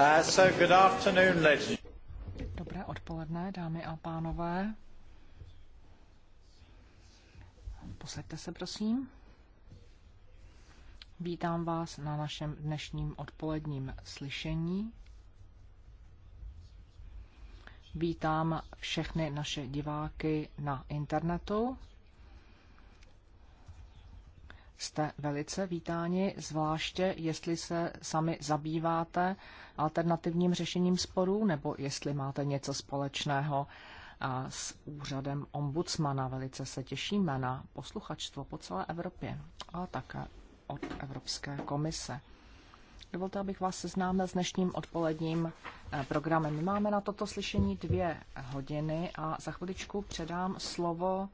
Uh, Dobré odpoledne, dámy a pánové. Posaďte se, prosím. Vítám vás na našem dnešním odpoledním slyšení. Vítám všechny naše diváky na internetu jste velice vítáni, zvláště jestli se sami zabýváte alternativním řešením sporů, nebo jestli máte něco společného s úřadem ombudsmana. Velice se těšíme na posluchačstvo po celé Evropě a také od Evropské komise. Dovolte, abych vás seznámil s dnešním odpoledním eh, programem. My máme na toto slyšení dvě hodiny a za chviličku předám slovo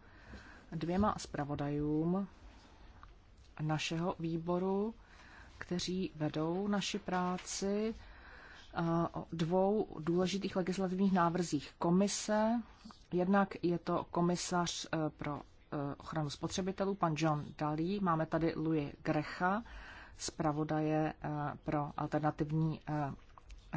dvěma zpravodajům našeho výboru, kteří vedou naši práci o dvou důležitých legislativních návrzích komise. Jednak je to komisař e, pro e, ochranu spotřebitelů, pan John Daly. Máme tady Louis Grecha, zpravodaje e, pro alternativní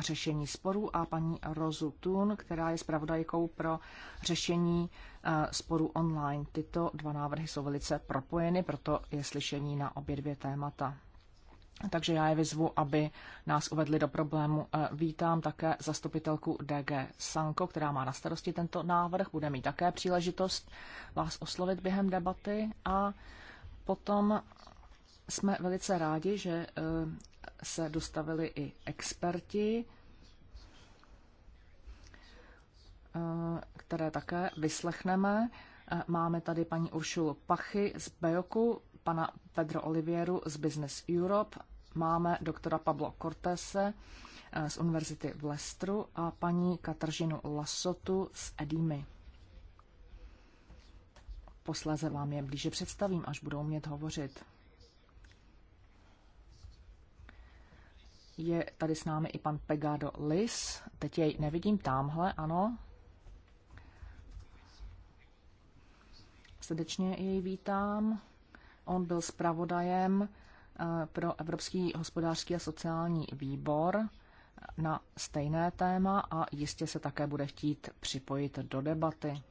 řešení sporů a paní Rozu Tun, která je zpravodajkou pro řešení eh, sporů online. Tyto dva návrhy jsou velice propojeny, proto je slyšení na obě dvě témata. Takže já je vyzvu, aby nás uvedli do problému. Eh, vítám také zastupitelku DG Sanko, která má na starosti tento návrh. Bude mít také příležitost vás oslovit během debaty a potom jsme velice rádi, že eh, se dostavili i experti, eh, které také vyslechneme. Eh, máme tady paní Uršulu Pachy z Bejoku, pana Pedro Olivieru z Business Europe, máme doktora Pablo Cortese eh, z Univerzity v Lestru a paní Kataržinu Lasotu z Edimy. Posléze vám je blíže představím, až budou mět hovořit. Je tady s námi i pan Pegado Lis. Teď jej nevidím tamhle, ano. Srdečně jej vítám. On byl zpravodajem eh, pro Evropský hospodářský a sociální výbor eh, na stejné téma a jistě se také bude chtít připojit do debaty.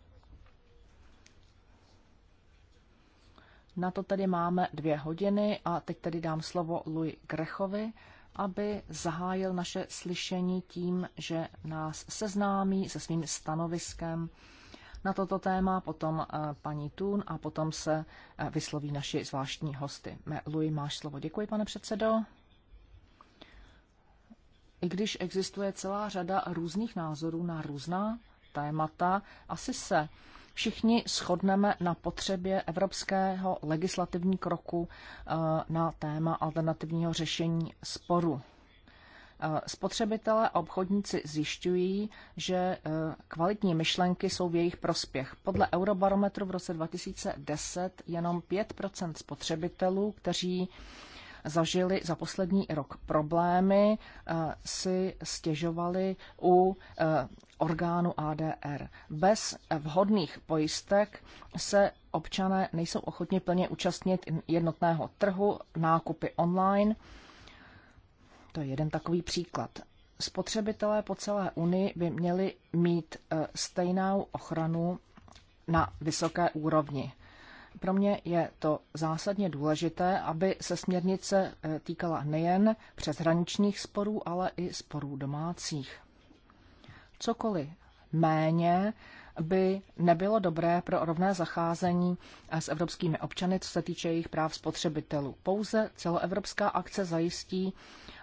Na to tedy máme dvě hodiny a teď tedy dám slovo Louis Grechovi, aby zahájil naše slyšení tím, že nás seznámí se svým stanoviskem na toto téma, potom eh, paní Tun a potom se eh, vysloví naši zvláštní hosty. Louis, máš slovo. Děkuji, pane předsedo. I když existuje celá řada různých názorů na různá témata, asi se všichni shodneme na potřebě evropského legislativní kroku eh, na téma alternativního řešení sporu. Eh, spotřebitelé a obchodníci zjišťují, že eh, kvalitní myšlenky jsou v jejich prospěch. Podle Eurobarometru v roce 2010 jenom 5 spotřebitelů, kteří zažili za poslední rok problémy, eh, si stěžovali u eh, orgánu ADR. Bez vhodných pojistek se občané nejsou ochotni plně účastnit jednotného trhu, nákupy online. To je jeden takový příklad. Spotřebitelé po celé Unii by měli mít eh, stejnou ochranu na vysoké úrovni. Pro mě je to zásadně důležité, aby se směrnice eh, týkala nejen přeshraničních sporů, ale i sporů domácích. Cokoliv méně by nebylo dobré pro rovné zacházení eh, s evropskými občany, co se týče jejich práv spotřebitelů. Pouze celoevropská akce zajistí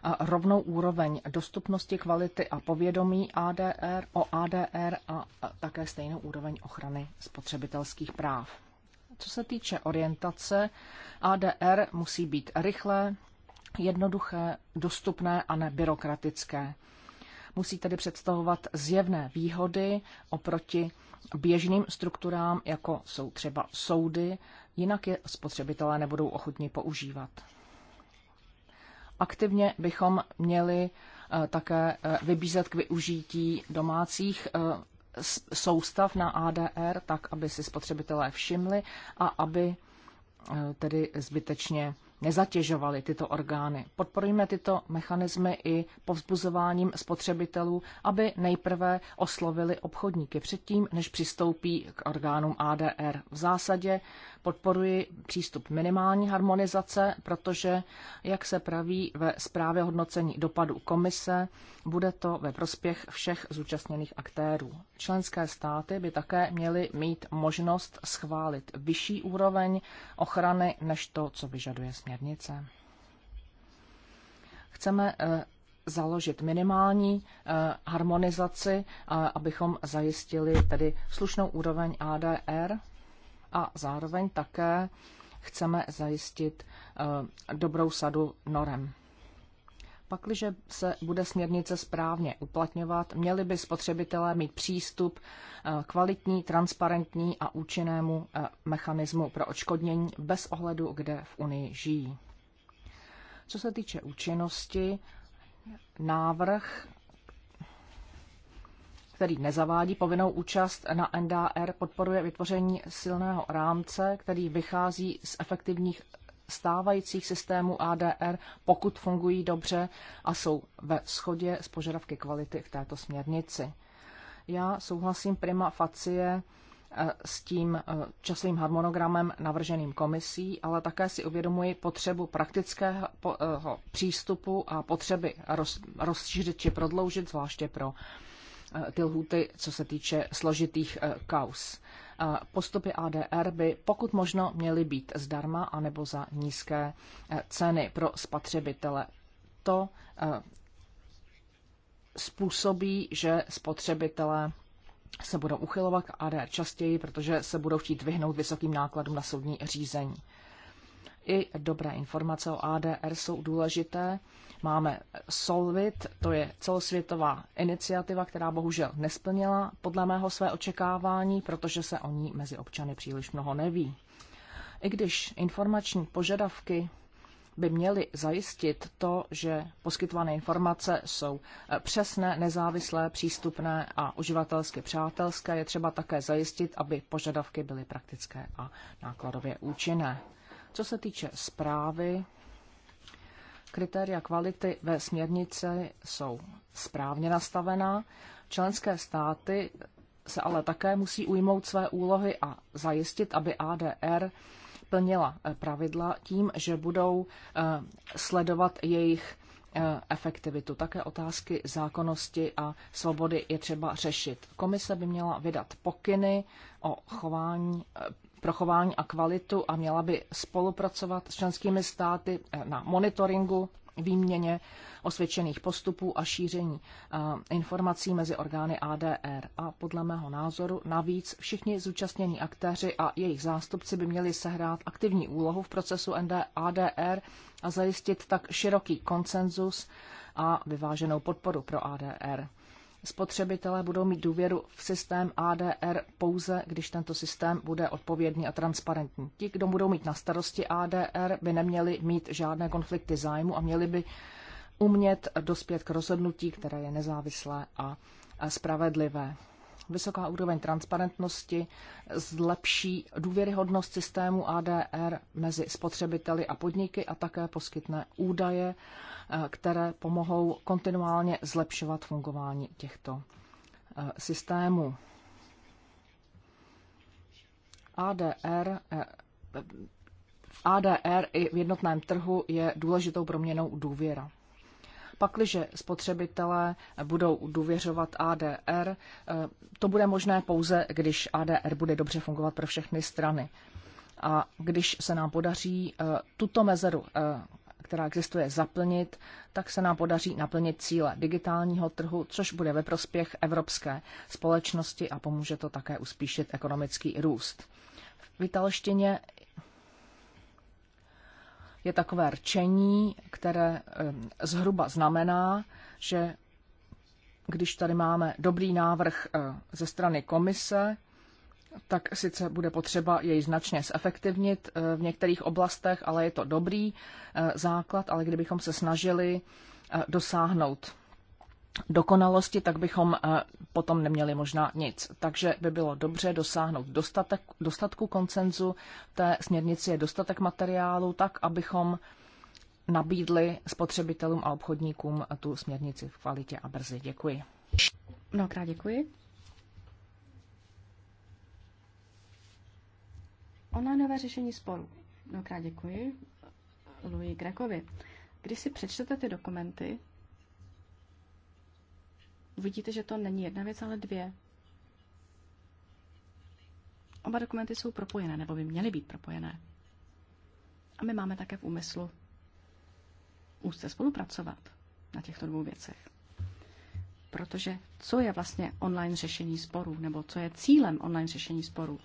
eh, rovnou úroveň dostupnosti, kvality a povědomí ADR o ADR a také stejnou úroveň ochrany spotřebitelských práv. Co se týče orientace, ADR musí být rychlé, jednoduché, dostupné a nebyrokratické. Musí tedy představovat zjevné výhody oproti běžným strukturám, jako jsou třeba soudy, jinak je spotřebitelé nebudou ochotni používat. Aktivně bychom měli eh, také eh, vybízet k využití domácích eh, soustav na ADR, tak aby si spotřebitelé všimli a aby eh, tedy zbytečně nezatěžovaly tyto orgány. Podporujeme tyto mechanismy i povzbuzováním spotřebitelů, aby nejprve oslovili obchodníky předtím, než přistoupí k orgánům ADR. V zásadě podporuji přístup minimální harmonizace, protože, jak se praví ve zprávě hodnocení dopadu komise, bude to ve prospěch všech zúčastněných aktérů. Členské státy by také měly mít možnost schválit vyšší úroveň ochrany než to, co vyžaduje směrnice. Chceme eh, založit minimální eh, harmonizaci, eh, abychom zajistili tedy slušnou úroveň ADR a zároveň také chceme zajistit dobrou sadu norem. Pakliže se bude směrnice správně uplatňovat, měli by spotřebitelé mít přístup eh, kvalitní, transparentní a účinnému eh, mechanismu pro odškodnění bez ohledu, kde v Unii žijí. Co se týče účinnosti, návrh který nezavádí povinnou účast na NDR, podporuje vytvoření silného rámce, který vychází z efektivních stávajících systémů ADR, pokud fungují dobře a jsou ve shodě s požadavky kvality v této směrnici. Já souhlasím prima facie eh, s tím eh, časovým harmonogramem navrženým komisí, ale také si uvědomuji potřebu praktického eh, přístupu a potřeby rozšířit či prodloužit, zvláště pro Eh, ty lhuty, co se týče složitých eh, kaus. Eh, postupy ADR by pokud možno měly být zdarma anebo za nízké ceny pro spotřebitele. To způsobí, že spotřebitele se budou uchylovat k ADR častěji, protože se budou chtít vyhnout vysokým nákladům na soudní řízení. I dobré informace o ADR jsou důležité. Máme Solvit, to je celosvětová iniciativa, která bohužel nesplnila podle mého své očekávání, protože se o ní mezi občany příliš mnoho neví. I když informační požadavky by měly zajistit to, že poskytované informace jsou eh, přesné, nezávislé, přístupné a uživatelsky přátelské. Je třeba také zajistit, aby požadavky byly praktické a nákladově účinné. Co se týče zprávy, kritéria kvality ve směrnici jsou správně nastavená. Členské státy se ale také musí ujmout své úlohy a zajistit, aby ADR plnila eh, pravidla tím, že budou eh, sledovat jejich eh, efektivitu. Také otázky zákonnosti a svobody je třeba řešit. Komise by měla vydat pokyny o chování pro chování a kvalitu a měla by spolupracovat s členskými státy eh, na monitoringu, výměně osvědčených postupů a šíření eh, informací mezi orgány ADR. A podle mého názoru navíc všichni zúčastnění aktéři a jejich zástupci by měli sehrát aktivní úlohu v procesu ND ADR a zajistit tak široký konsenzus a vyváženou podporu pro ADR spotřebitelé budou mít důvěru v systém ADR pouze, když tento systém bude odpovědný a transparentní. Ti, kdo budou mít na starosti ADR, by neměli mít žádné konflikty zájmu a měli by umět dospět k rozhodnutí, které je nezávislé a spravedlivé. Vysoká úroveň transparentnosti zlepší důvěryhodnost systému ADR mezi spotřebiteli a podniky a také poskytne údaje Eh, které pomohou kontinuálně zlepšovat fungování těchto eh, systémů. ADR, eh, v ADR i v jednotném trhu je důležitou proměnou důvěra. Pakliže spotřebitelé budou důvěřovat ADR, to bude možné pouze, když ADR bude dobře fungovat pro všechny strany. A když se nám podaří tuto mezeru která existuje, zaplnit, tak se nám podaří naplnit cíle digitálního trhu, což bude ve prospěch evropské společnosti a pomůže to také uspíšit ekonomický růst. V italštině je takové rčení, které zhruba znamená, že když tady máme dobrý návrh ze strany komise, tak sice bude potřeba jej značně zefektivnit eh, v některých oblastech, ale je to dobrý eh, základ, ale kdybychom se snažili eh, dosáhnout dokonalosti, tak bychom potom neměli možná nic. Takže by bylo dobře dosáhnout dostatek, dostatku koncenzu té směrnici je dostatek materiálu, tak abychom nabídli spotřebitelům a obchodníkům tu směrnici v kvalitě a brzy. Děkuji. Mnohokrát děkuji. Onlineové řešení sporů. Mnohokrát děkuji Louis Grekovi. Když si přečtete ty dokumenty, vidíte, že to není jedna věc, ale dvě. Oba dokumenty jsou propojené, nebo by měly být propojené. A my máme také v úmyslu úzce spolupracovat na těchto dvou věcech. Protože co je vlastně online řešení sporů, nebo co je cílem online řešení sporů?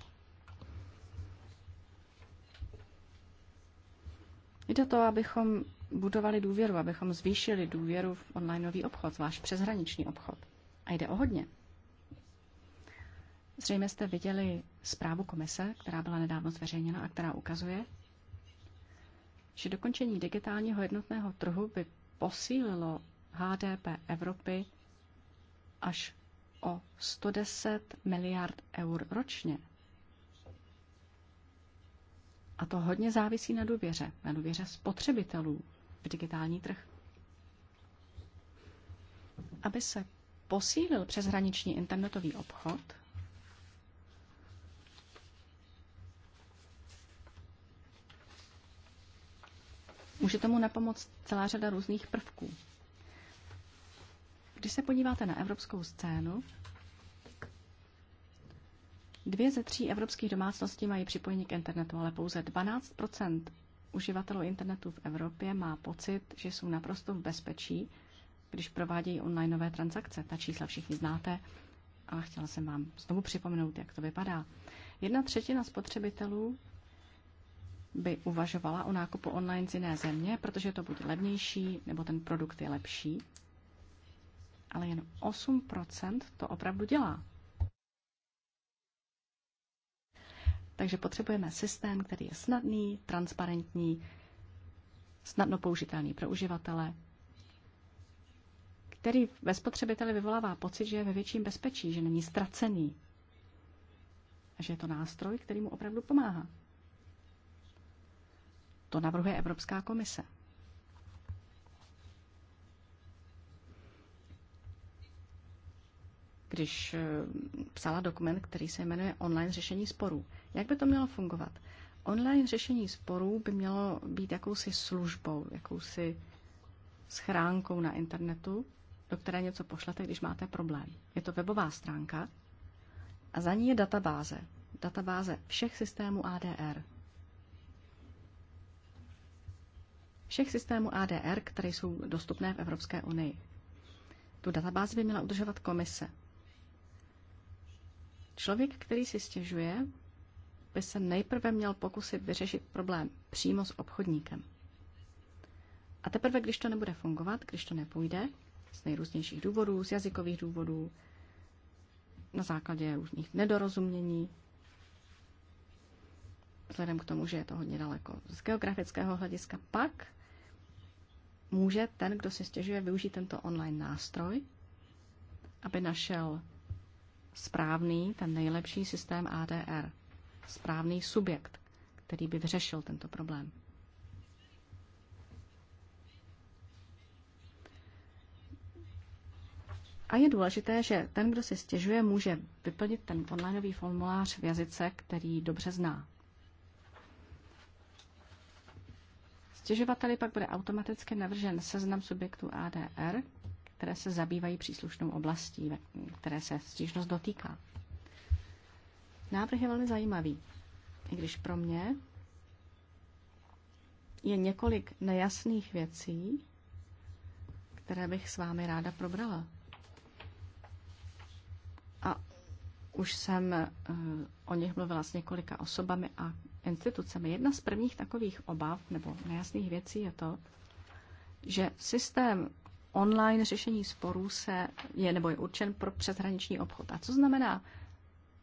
Jde to, abychom budovali důvěru, abychom zvýšili důvěru v onlineový obchod, zvlášť přeshraniční obchod. A jde o hodně. Zřejmě jste viděli zprávu komise, která byla nedávno zveřejněna a která ukazuje, že dokončení digitálního jednotného trhu by posílilo HDP Evropy až o 110 miliard eur ročně. A to hodně závisí na důvěře, na důvěře spotřebitelů v digitální trh. Aby se posílil přeshraniční internetový obchod, Může tomu napomoct celá řada různých prvků. Když se podíváte na evropskou scénu, Dvě ze tří evropských domácností mají připojení k internetu, ale pouze 12 uživatelů internetu v Evropě má pocit, že jsou naprosto v bezpečí, když provádějí onlineové transakce. Ta čísla všichni znáte, ale chtěla jsem vám znovu připomenout, jak to vypadá. Jedna třetina spotřebitelů by uvažovala o nákupu online z jiné země, protože to bude levnější, nebo ten produkt je lepší. Ale jen 8% to opravdu dělá. Takže potřebujeme systém, který je snadný, transparentní, snadno použitelný pro uživatele, který ve spotřebiteli vyvolává pocit, že je ve větším bezpečí, že není ztracený a že je to nástroj, který mu opravdu pomáhá. To navrhuje Evropská komise. když eh, psala dokument, který se jmenuje Online řešení sporů. Jak by to mělo fungovat? Online řešení sporů by mělo být jakousi službou, jakousi schránkou na internetu, do které něco pošlete, když máte problém. Je to webová stránka a za ní je databáze. Databáze všech systémů ADR. Všech systémů ADR, které jsou dostupné v Evropské unii. Tu databázi by měla udržovat komise. Člověk, který si stěžuje, by se nejprve měl pokusit vyřešit problém přímo s obchodníkem. A teprve, když to nebude fungovat, když to nepůjde, z nejrůznějších důvodů, z jazykových důvodů, na základě různých nedorozumění, vzhledem k tomu, že je to hodně daleko z geografického hlediska, pak může ten, kdo si stěžuje, využít tento online nástroj, aby našel správný, ten nejlepší systém ADR, správný subjekt, který by vyřešil tento problém. A je důležité, že ten, kdo se stěžuje, může vyplnit ten onlineový formulář v jazyce, který dobře zná. Stěžovateli pak bude automaticky navržen seznam subjektů ADR, které se zabývají příslušnou oblastí, které se stížnost dotýká. Návrh je velmi zajímavý, i když pro mě je několik nejasných věcí, které bych s vámi ráda probrala. A už jsem eh, o nich mluvila s několika osobami a institucemi. Jedna z prvních takových obav nebo nejasných věcí je to, že systém online řešení sporů se je nebo je určen pro přeshraniční obchod. A co znamená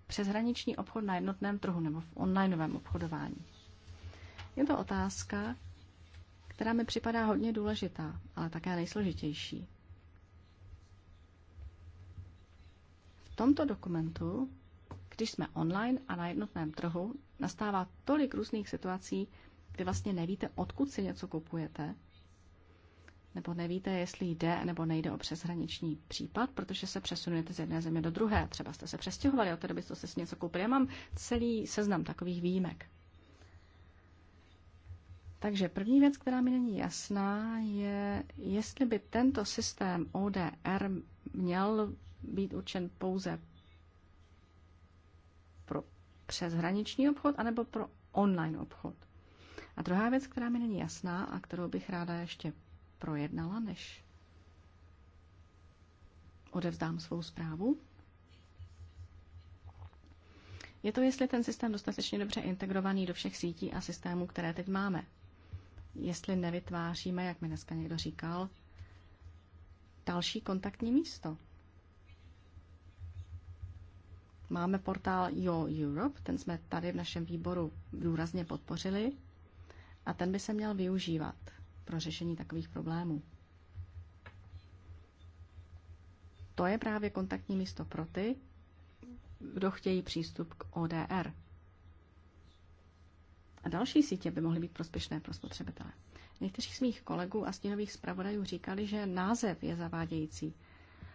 přeshraniční obchod na jednotném trhu nebo v onlineovém obchodování? Je to otázka, která mi připadá hodně důležitá, ale také nejsložitější. V tomto dokumentu, když jsme online a na jednotném trhu, nastává tolik různých situací, kdy vlastně nevíte, odkud si něco kupujete, nebo nevíte, jestli jde nebo nejde o přeshraniční případ, protože se přesunujete z jedné země do druhé. Třeba jste se přestěhovali, od té doby jste s něco koupili. Já mám celý seznam takových výjimek. Takže první věc, která mi není jasná, je, jestli by tento systém ODR měl být určen pouze pro přeshraniční obchod anebo pro online obchod. A druhá věc, která mi není jasná a kterou bych ráda ještě projednala, než odevzdám svou zprávu. Je to, jestli ten systém dostatečně dobře integrovaný do všech sítí a systémů, které teď máme. Jestli nevytváříme, jak mi dneska někdo říkal, další kontaktní místo. Máme portál Yo Europe, ten jsme tady v našem výboru důrazně podpořili a ten by se měl využívat pro řešení takových problémů. To je právě kontaktní místo pro ty, kdo chtějí přístup k ODR. A další sítě by mohly být prospěšné pro spotřebitele. Někteří z mých kolegů a stínových zpravodajů říkali, že název je zavádějící,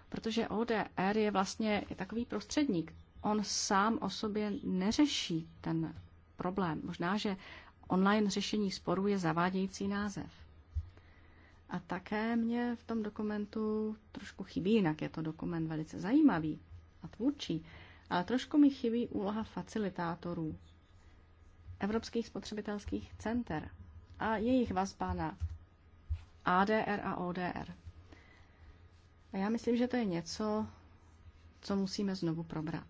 protože ODR je vlastně takový prostředník. On sám o sobě neřeší ten problém. Možná, že online řešení sporů je zavádějící název. A také mě v tom dokumentu trošku chybí, jinak je to dokument velice zajímavý a tvůrčí, ale trošku mi chybí úloha facilitátorů, evropských spotřebitelských center a jejich vazba na ADR a ODR. A já myslím, že to je něco, co musíme znovu probrat.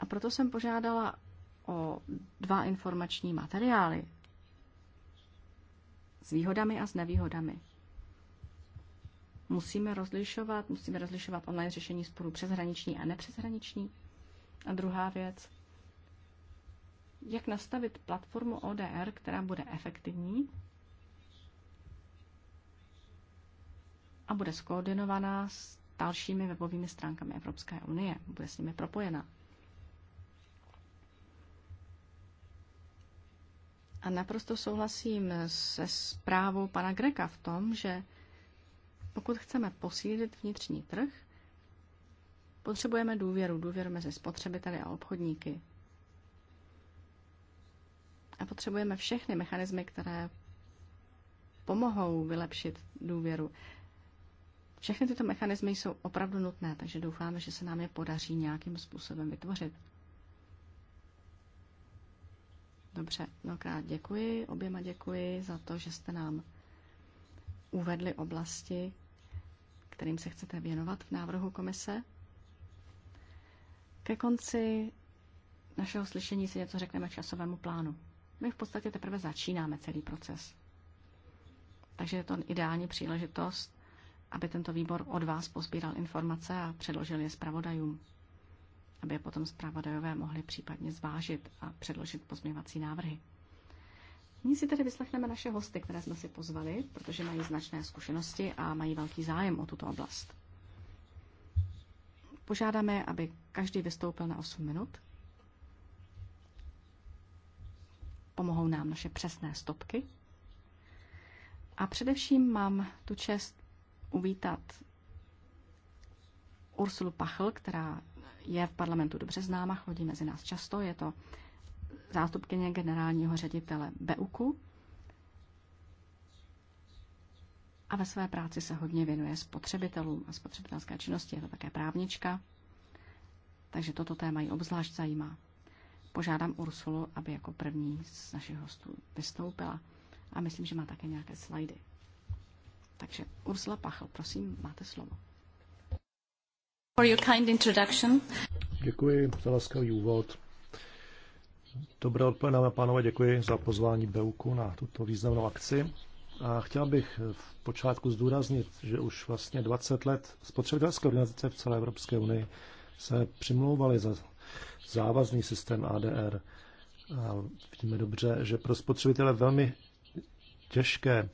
A proto jsem požádala o dva informační materiály, s výhodami a s nevýhodami. Musíme rozlišovat, musíme rozlišovat online řešení sporů přeshraniční a nepřeshraniční. A druhá věc, jak nastavit platformu ODR, která bude efektivní a bude skoordinovaná s dalšími webovými stránkami Evropské unie, bude s nimi propojena. A naprosto souhlasím se zprávou pana Greka v tom, že pokud chceme posílit vnitřní trh, potřebujeme důvěru, důvěru mezi spotřebiteli a obchodníky. A potřebujeme všechny mechanismy, které pomohou vylepšit důvěru. Všechny tyto mechanismy jsou opravdu nutné, takže doufáme, že se nám je podaří nějakým způsobem vytvořit. Dobře, mnohokrát děkuji, oběma děkuji za to, že jste nám uvedli oblasti, kterým se chcete věnovat v návrhu komise. Ke konci našeho slyšení si něco řekneme časovému plánu. My v podstatě teprve začínáme celý proces. Takže je to ideální příležitost, aby tento výbor od vás pozbíral informace a předložil je zpravodajům aby je potom zpravodajové mohli případně zvážit a předložit pozměňovací návrhy. Nyní si tedy vyslechneme naše hosty, které jsme si pozvali, protože mají značné zkušenosti a mají velký zájem o tuto oblast. Požádáme, aby každý vystoupil na 8 minut. Pomohou nám naše přesné stopky. A především mám tu čest uvítat Ursulu Pachl, která je v parlamentu dobře známa, chodí mezi nás často, je to zástupkyně generálního ředitele BEUKu a ve své práci se hodně věnuje spotřebitelům a spotřebitelské činnosti, je to také právnička, takže toto téma ji obzvlášť zajímá. Požádám Ursulu, aby jako první z našich hostů vystoupila a myslím, že má také nějaké slajdy. Takže Ursula Pachl, prosím, máte slovo. For your kind introduction. Děkuji za laskavý úvod. Dobré odpoledne, dámy a pánové, děkuji za pozvání Beuku na tuto významnou akci. A chtěl bych v počátku zdůraznit, že už vlastně 20 let spotřebitelské organizace v celé Evropské unii se přimlouvaly za závazný systém ADR. A vidíme dobře, že pro spotřebitele velmi těžké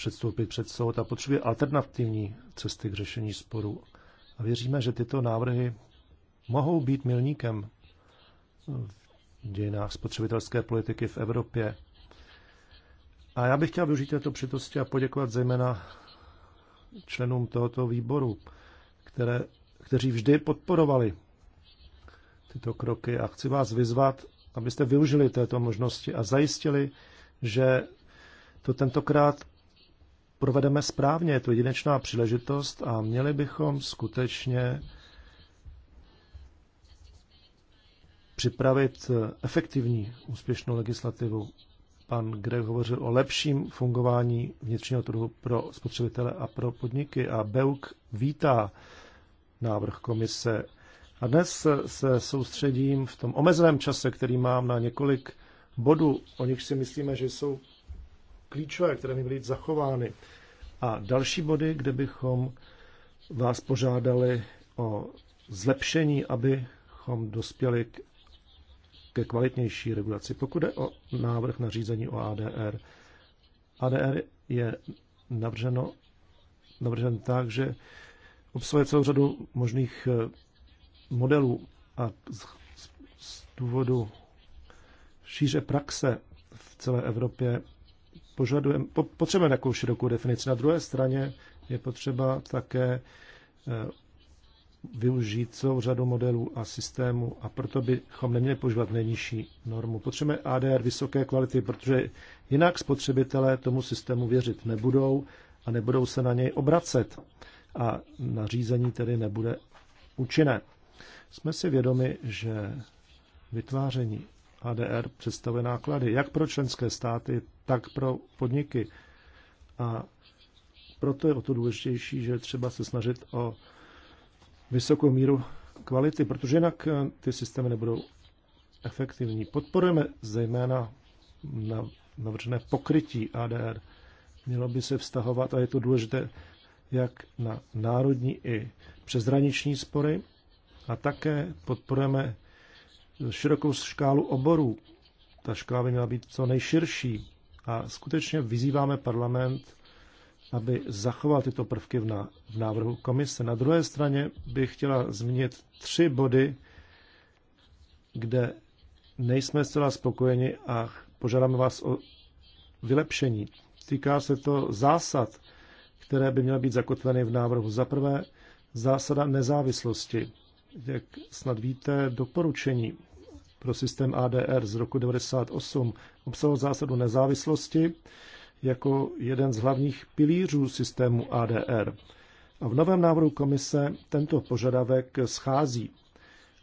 předstoupit před soud a potřebuje alternativní cesty k řešení sporu A věříme, že tyto návrhy mohou být milníkem v dějinách spotřebitelské politiky v Evropě. A já bych chtěl využít této přitosti a poděkovat zejména členům tohoto výboru, které, kteří vždy podporovali tyto kroky a chci vás vyzvat, abyste využili této možnosti a zajistili, že to tentokrát provedeme správně. Je to jedinečná příležitost a měli bychom skutečně připravit eh, efektivní úspěšnou legislativu. Pan Greg hovořil o lepším fungování vnitřního trhu pro spotřebitele a pro podniky a Beuk vítá návrh komise. A dnes se soustředím v tom omezeném čase, který mám na několik bodů, o nich si myslíme, že jsou klíčové, které měly být zachovány. A další body, kde bychom vás požádali o zlepšení, abychom dospěli k, ke kvalitnější regulaci. Pokud je o návrh na řízení o ADR, ADR je navrženo, navržen tak, že obsahuje celou řadu možných eh, modelů a z, z, z důvodu šíře praxe v celé Evropě požadujeme, potřebujeme takovou širokou definici. Na druhé straně je potřeba také eh, využít celou řadu modelů a systémů a proto bychom neměli používat nejnižší normu. Potřebujeme ADR vysoké kvality, protože jinak spotřebitelé tomu systému věřit nebudou a nebudou se na něj obracet a nařízení tedy nebude účinné. Jsme si vědomi, že vytváření ADR představuje náklady, jak pro členské státy, tak pro podniky. A proto je o to důležitější, že třeba se snažit o vysokou míru kvality, protože jinak eh, ty systémy nebudou efektivní. Podporujeme zejména na navržené pokrytí ADR. Mělo by se vztahovat, a je to důležité, jak na národní i přezraniční spory, a také podporujeme širokou škálu oborů. Ta škála by měla být co nejširší. A skutečně vyzýváme parlament, aby zachoval tyto prvky v, návrhu komise. Na druhé straně bych chtěla zmínit tři body, kde nejsme zcela spokojeni a požádáme vás o vylepšení. Týká se to zásad, které by měly být zakotveny v návrhu. Za prvé, zásada nezávislosti. Jak snad víte, doporučení pro systém ADR z roku 1998 obsahoval zásadu nezávislosti jako jeden z hlavních pilířů systému ADR. A v novém návrhu komise tento požadavek schází.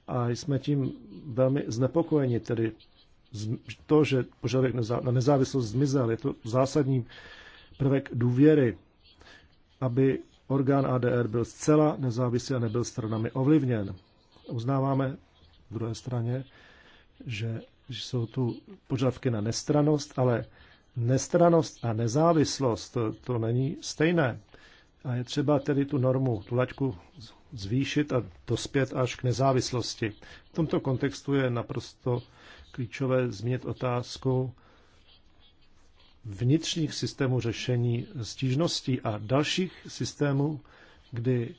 A jsme tím velmi znepokojeni, tedy to, že požadavek na nezávislost zmizel, je to zásadní prvek důvěry, aby orgán ADR byl zcela nezávislý a nebyl stranami ovlivněn. Uznáváme v druhé straně, že jsou tu požadavky na nestranost, ale nestranost a nezávislost to, to není stejné. A je třeba tedy tu normu, tu laťku zvýšit a dospět až k nezávislosti. V tomto kontextu je naprosto klíčové změnit otázku vnitřních systémů řešení stížností a dalších systémů, kdy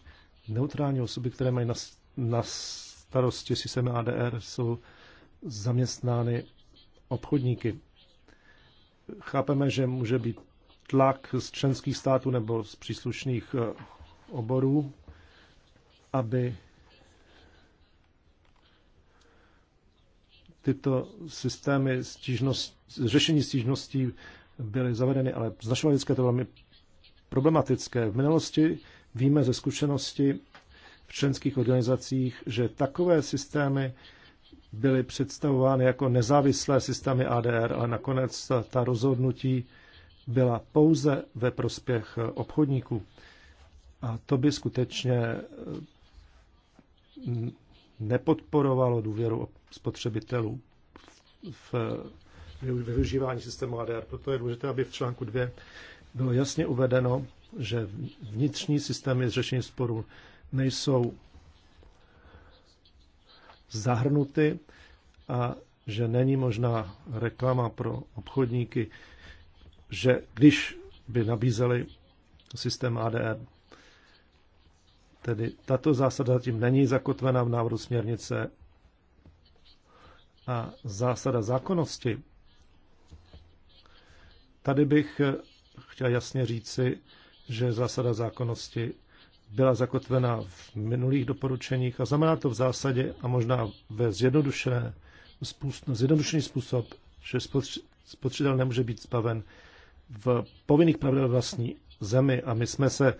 neutrální osoby, které mají na, na starosti systém ADR, jsou zaměstnány obchodníky. Chápeme, že může být tlak z členských států nebo z příslušných eh, oborů, aby tyto systémy stížnost, řešení stížností byly zavedeny, ale z našeho hlediska to velmi problematické. V minulosti víme ze zkušenosti v členských organizacích, že takové systémy byly představovány jako nezávislé systémy ADR, ale nakonec ta rozhodnutí byla pouze ve prospěch eh, obchodníků. A to by skutečně eh, nepodporovalo důvěru spotřebitelů v eh, využívání systému ADR. Proto je důležité, aby v článku 2 bylo jasně uvedeno, že vnitřní systémy řešení sporů nejsou zahrnuty a že není možná reklama pro obchodníky, že když by nabízeli systém ADR, tedy tato zásada zatím není zakotvena v návrhu směrnice a zásada zákonnosti. Tady bych chtěl jasně říci, že zásada zákonnosti byla zakotvena v minulých doporučeních a znamená to v zásadě a možná ve zjednodušené, zjednodušený způsob, že spotřebitel nemůže být zbaven v povinných pravidel vlastní zemi a my jsme se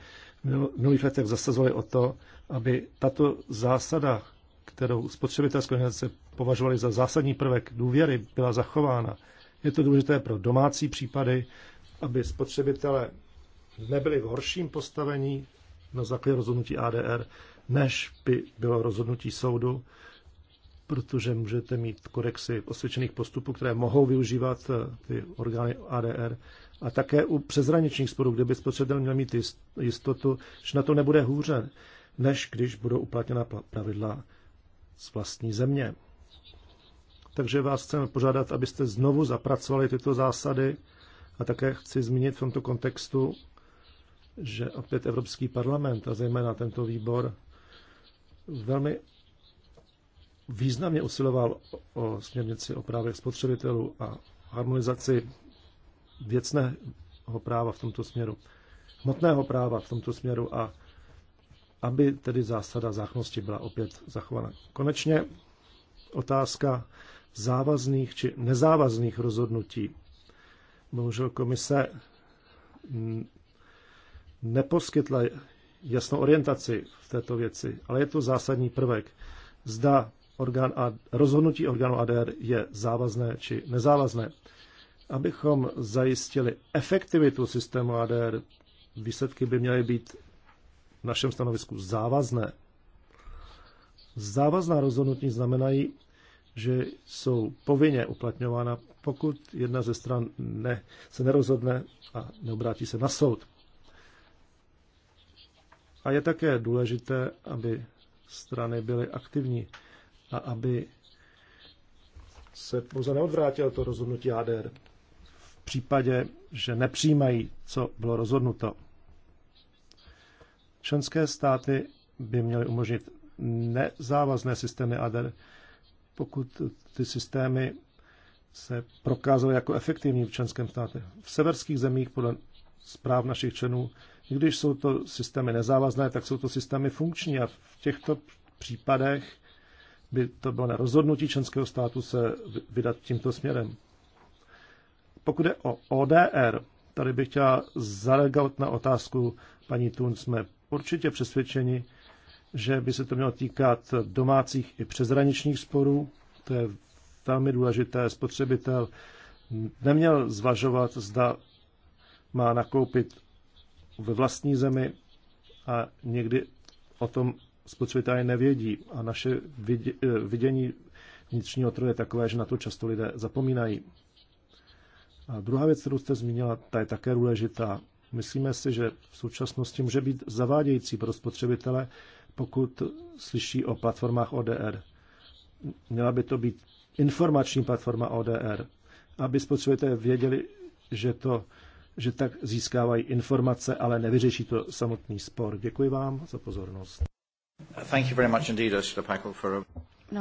v minulých letech zasazovali o to, aby tato zásada, kterou spotřebitelské organizace považovali za zásadní prvek důvěry, byla zachována. Je to důležité pro domácí případy, aby spotřebitelé nebyli v horším postavení na základě rozhodnutí ADR, než by bylo rozhodnutí soudu, protože můžete mít kodexy osvědčených postupů, které mohou využívat eh, ty orgány ADR. A také u přezraničních sporů, kde by spotřebitel měl mít jistotu, že na to nebude hůře, než když budou uplatněna pravidla z vlastní země. Takže vás chceme požádat, abyste znovu zapracovali tyto zásady a také chci zmínit v tomto kontextu že opět Evropský parlament a zejména tento výbor velmi významně usiloval o směrnici o právech spotřebitelů a harmonizaci věcného práva v tomto směru, hmotného práva v tomto směru a aby tedy zásada záchnosti byla opět zachována. Konečně otázka závazných či nezávazných rozhodnutí. Bohužel komise neposkytla jasnou orientaci v této věci, ale je to zásadní prvek. Zda orgán a rozhodnutí orgánu ADR je závazné či nezávazné. Abychom zajistili efektivitu systému ADR, výsledky by měly být v našem stanovisku závazné. Závazná rozhodnutí znamenají, že jsou povinně uplatňována, pokud jedna ze stran ne, se nerozhodne a neobrátí se na soud. A je také důležité, aby strany byly aktivní a aby se pouze neodvrátilo to rozhodnutí ADR v případě, že nepřijímají, co bylo rozhodnuto. Členské státy by měly umožnit nezávazné systémy ADR, pokud ty systémy se prokázaly jako efektivní v členském státě. V severských zemích podle zpráv našich členů. I když jsou to systémy nezávazné, tak jsou to systémy funkční a v těchto případech by to bylo na rozhodnutí členského státu se vydat tímto směrem. Pokud je o ODR, tady bych chtěla zareagovat na otázku paní Tun. Jsme určitě přesvědčeni, že by se to mělo týkat domácích i přezraničních sporů. To je velmi důležité. Spotřebitel neměl zvažovat, zda má nakoupit ve vlastní zemi a někdy o tom spotřebitelé nevědí. A naše eh, vidění vnitřního trhu je takové, že na to často lidé zapomínají. A druhá věc, kterou jste zmínila, ta je také důležitá. Myslíme si, že v současnosti může být zavádějící pro spotřebitele, pokud slyší o platformách ODR. Měla by to být informační platforma ODR, aby spotřebitelé věděli, že to že tak získávají informace, ale nevyřeší to samotný spor. Děkuji vám za pozornost. Thank you very much indeed, for Packel, for...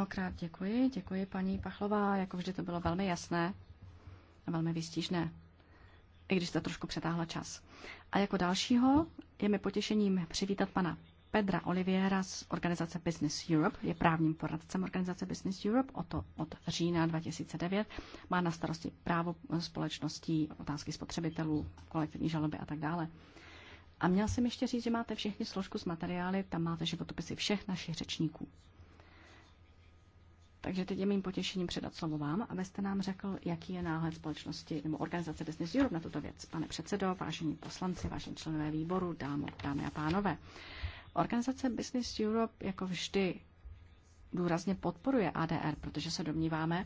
krát děkuji, děkuji paní Pachlová, jako vždy to bylo velmi jasné a velmi výstižné, i když jste trošku přetáhla čas. A jako dalšího je mi potěšením přivítat pana Pedra Oliviera z organizace Business Europe, je právním poradcem organizace Business Europe o to od října 2009. Má na starosti právo společností, otázky spotřebitelů, kolektivní žaloby a tak dále. A měl jsem ještě říct, že máte všechny složku s materiály, tam máte životopisy všech našich řečníků. Takže teď je mým potěšením předat slovo vám, abyste nám řekl, jaký je náhled společnosti nebo organizace Business Europe na tuto věc. Pane předsedo, vážení poslanci, vážení členové výboru, dámy, dámy a pánové. Organizace Business Europe jako vždy důrazně podporuje ADR, protože se domníváme,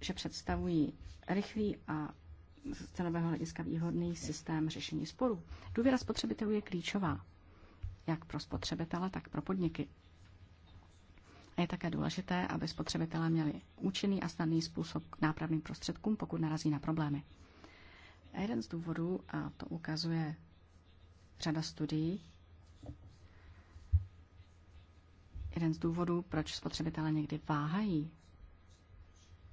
že představují rychlý a z cenového hlediska výhodný systém řešení sporů. Důvěra spotřebitelů je klíčová, jak pro spotřebitele, tak pro podniky. A je také důležité, aby spotřebitelé měli účinný a snadný způsob k nápravným prostředkům, pokud narazí na problémy. A jeden z důvodů, a to ukazuje řada studií, jeden z důvodů, proč spotřebitelé někdy váhají,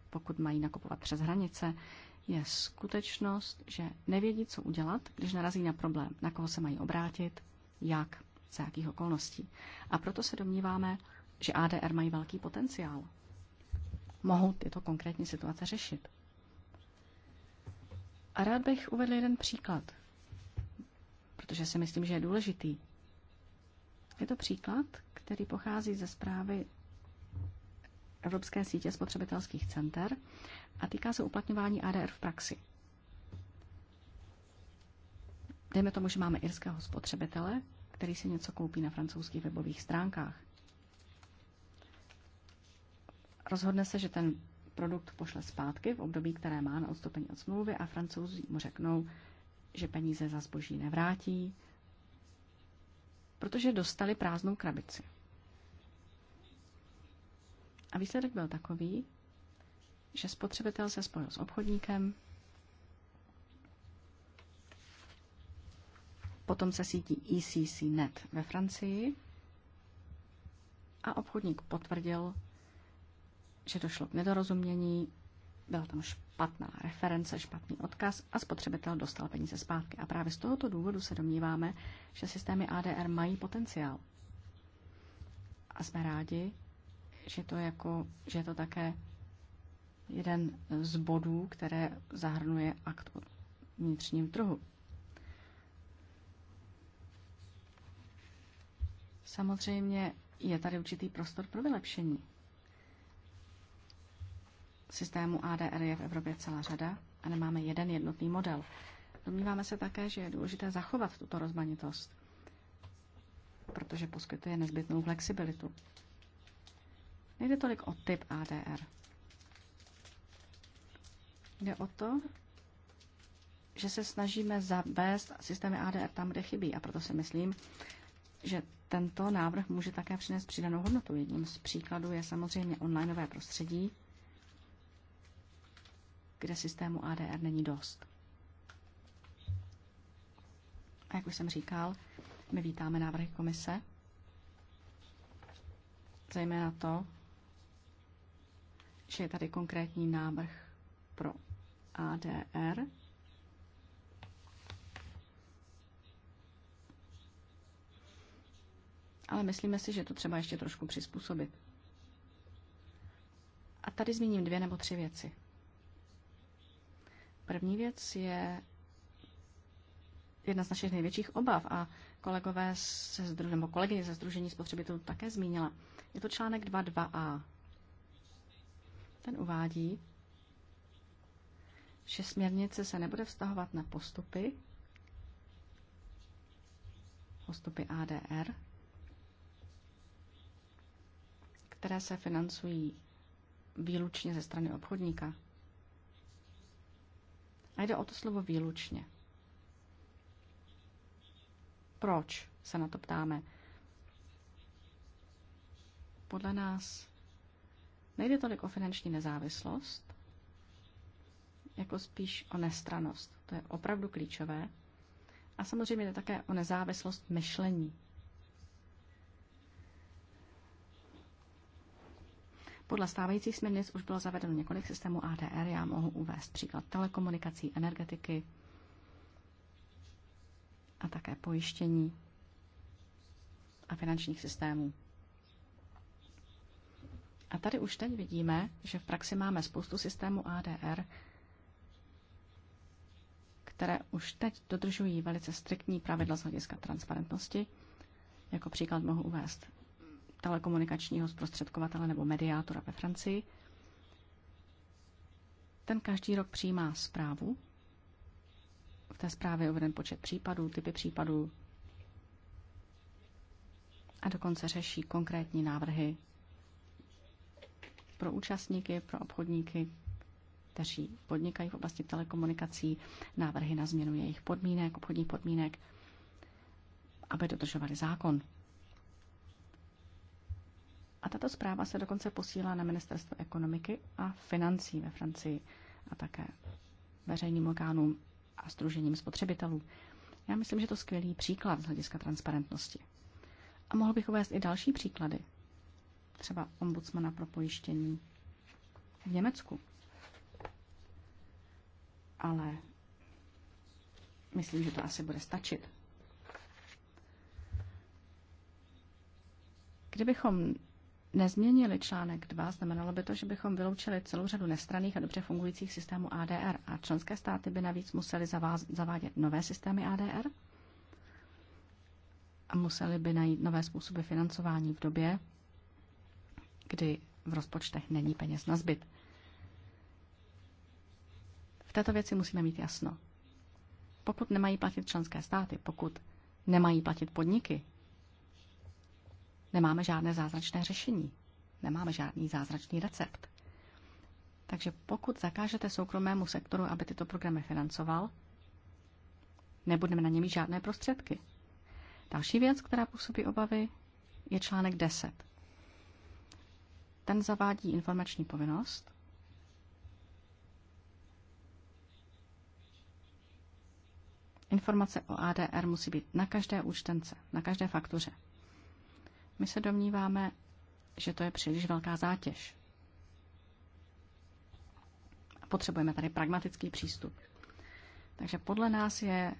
pokud mají nakupovat přes hranice, je skutečnost, že nevědí, co udělat, když narazí na problém, na koho se mají obrátit, jak, za jakých okolností. A proto se domníváme, že ADR mají velký potenciál. Mohou tyto konkrétní situace řešit. A rád bych uvedl jeden příklad, protože si myslím, že je důležitý. Je to příklad, který pochází ze zprávy Evropské sítě spotřebitelských center a týká se uplatňování ADR v praxi. Dejme tomu, že máme irského spotřebitele, který si něco koupí na francouzských webových stránkách. Rozhodne se, že ten produkt pošle zpátky v období, které má na odstoupení od smlouvy a francouzi mu řeknou, že peníze za zboží nevrátí, protože dostali prázdnou krabici. A výsledek byl takový, že spotřebitel se spojil s obchodníkem, potom se sítí e Net ve Francii a obchodník potvrdil, že došlo k nedorozumění, byla tam špatná reference, špatný odkaz a spotřebitel dostal peníze zpátky. A právě z tohoto důvodu se domníváme, že systémy ADR mají potenciál. A jsme rádi, že to, jako, že je to také jeden z bodů, které zahrnuje akt o vnitřním trhu. Samozřejmě je tady určitý prostor pro vylepšení. Systému ADR je v Evropě celá řada a nemáme jeden jednotný model. Domníváme se také, že je důležité zachovat tuto rozmanitost, protože poskytuje nezbytnou flexibilitu. Nejde tolik o typ ADR. Jde o to, že se snažíme zavést systémy ADR tam, kde chybí. A proto si myslím, že tento návrh může také přinést přidanou hodnotu. Jedním z příkladů je samozřejmě onlineové prostředí, kde systému ADR není dost. A jak už jsem říkal, my vítáme návrhy komise, zejména to, že je tady konkrétní návrh pro ADR. Ale myslíme si, že to třeba ještě trošku přizpůsobit. A tady zmíním dvě nebo tři věci. První věc je jedna z našich největších obav a kolegové se, nebo kolegyně ze Združení spotřebitelů také zmínila. Je to článek 2.2a. Ten uvádí, že směrnice se nebude vztahovat na postupy, postupy ADR, které se financují výlučně ze strany obchodníka. A jde o to slovo výlučně. Proč se na to ptáme? Podle nás Nejde tolik o finanční nezávislost, jako spíš o nestranost. To je opravdu klíčové. A samozřejmě jde také o nezávislost myšlení. Podle stávajících směrnic už bylo zavedeno několik systémů ADR. Já mohu uvést příklad telekomunikací, energetiky a také pojištění a finančních systémů. A tady už teď vidíme, že v praxi máme spoustu systémů ADR, které už teď dodržují velice striktní pravidla z hlediska transparentnosti. Jako příklad mohu uvést telekomunikačního zprostředkovatele nebo mediátora ve Francii. Ten každý rok přijímá zprávu. V té zprávě je uveden počet případů, typy případů a dokonce řeší konkrétní návrhy pro účastníky, pro obchodníky, kteří podnikají v oblasti telekomunikací, návrhy na změnu jejich podmínek, obchodních podmínek, aby dodržovali zákon. A tato zpráva se dokonce posílá na Ministerstvo ekonomiky a financí ve Francii a také veřejným orgánům a združením spotřebitelů. Já myslím, že to skvělý příklad z hlediska transparentnosti. A mohl bych uvést i další příklady, třeba ombudsmana pro pojištění v Německu. Ale myslím, že to asi bude stačit. Kdybychom nezměnili článek 2, znamenalo by to, že bychom vyloučili celou řadu nestraných a dobře fungujících systémů ADR a členské státy by navíc museli zavádět nové systémy ADR a museli by najít nové způsoby financování v době, kdy v rozpočtech není peněz na zbyt. V této věci musíme mít jasno. Pokud nemají platit členské státy, pokud nemají platit podniky, nemáme žádné zázračné řešení, nemáme žádný zázračný recept. Takže pokud zakážete soukromému sektoru, aby tyto programy financoval, nebudeme na ně mít žádné prostředky. Další věc, která působí obavy, je článek 10. Ten zavádí informační povinnost. Informace o ADR musí být na každé účtence, na každé faktuře. My se domníváme, že to je příliš velká zátěž. Potřebujeme tady pragmatický přístup. Takže podle nás je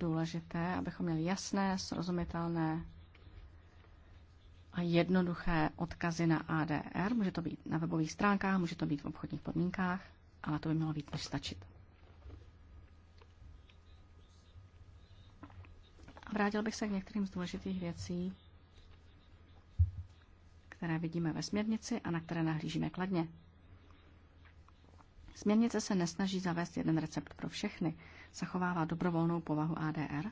důležité, abychom měli jasné, srozumitelné a jednoduché odkazy na ADR. Může to být na webových stránkách, může to být v obchodních podmínkách, ale to by mělo být než stačit. Vrátil bych se k některým z důležitých věcí, které vidíme ve směrnici a na které nahlížíme kladně. Směrnice se nesnaží zavést jeden recept pro všechny, zachovává dobrovolnou povahu ADR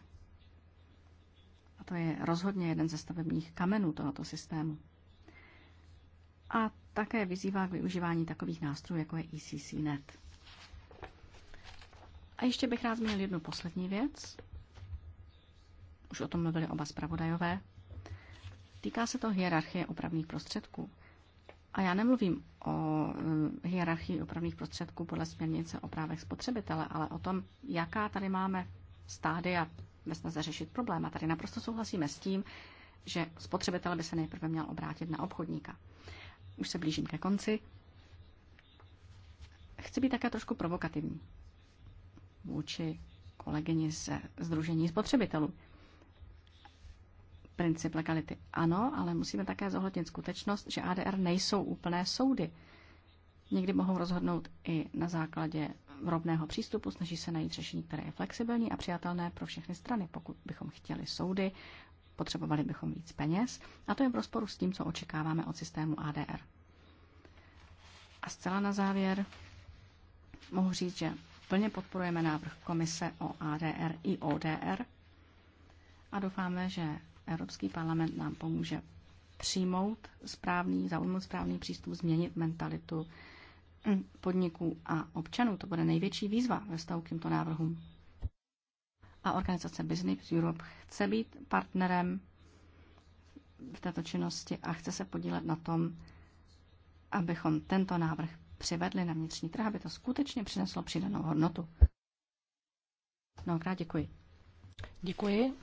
to je rozhodně jeden ze stavebních kamenů tohoto systému. A také vyzývá k využívání takových nástrojů, jako je ECCNet. A ještě bych rád zmínil jednu poslední věc. Už o tom mluvili oba zpravodajové. Týká se to hierarchie opravných prostředků. A já nemluvím o eh, hierarchii opravných prostředků podle směrnice o právech spotřebitele, ale o tom, jaká tady máme stádia ve snaze řešit problém. A tady naprosto souhlasíme s tím, že spotřebitel by se nejprve měl obrátit na obchodníka. Už se blížím ke konci. Chci být také trošku provokativní vůči kolegyni z Združení spotřebitelů. Princip legality ano, ale musíme také zohlednit skutečnost, že ADR nejsou úplné soudy. Někdy mohou rozhodnout i na základě rovného přístupu, snaží se najít řešení, které je flexibilní a přijatelné pro všechny strany. Pokud bychom chtěli soudy, potřebovali bychom víc peněz a to je v rozporu s tím, co očekáváme od systému ADR. A zcela na závěr mohu říct, že plně podporujeme návrh komise o ADR i ODR a doufáme, že Evropský parlament nám pomůže přijmout správný, zaujmout správný přístup, změnit mentalitu podniků a občanů. To bude největší výzva ve vztahu k těmto návrhům. A organizace Business Europe chce být partnerem v této činnosti a chce se podílet na tom, abychom tento návrh přivedli na vnitřní trh, aby to skutečně přineslo přidanou hodnotu. Mnohokrát děkuji. Děkuji.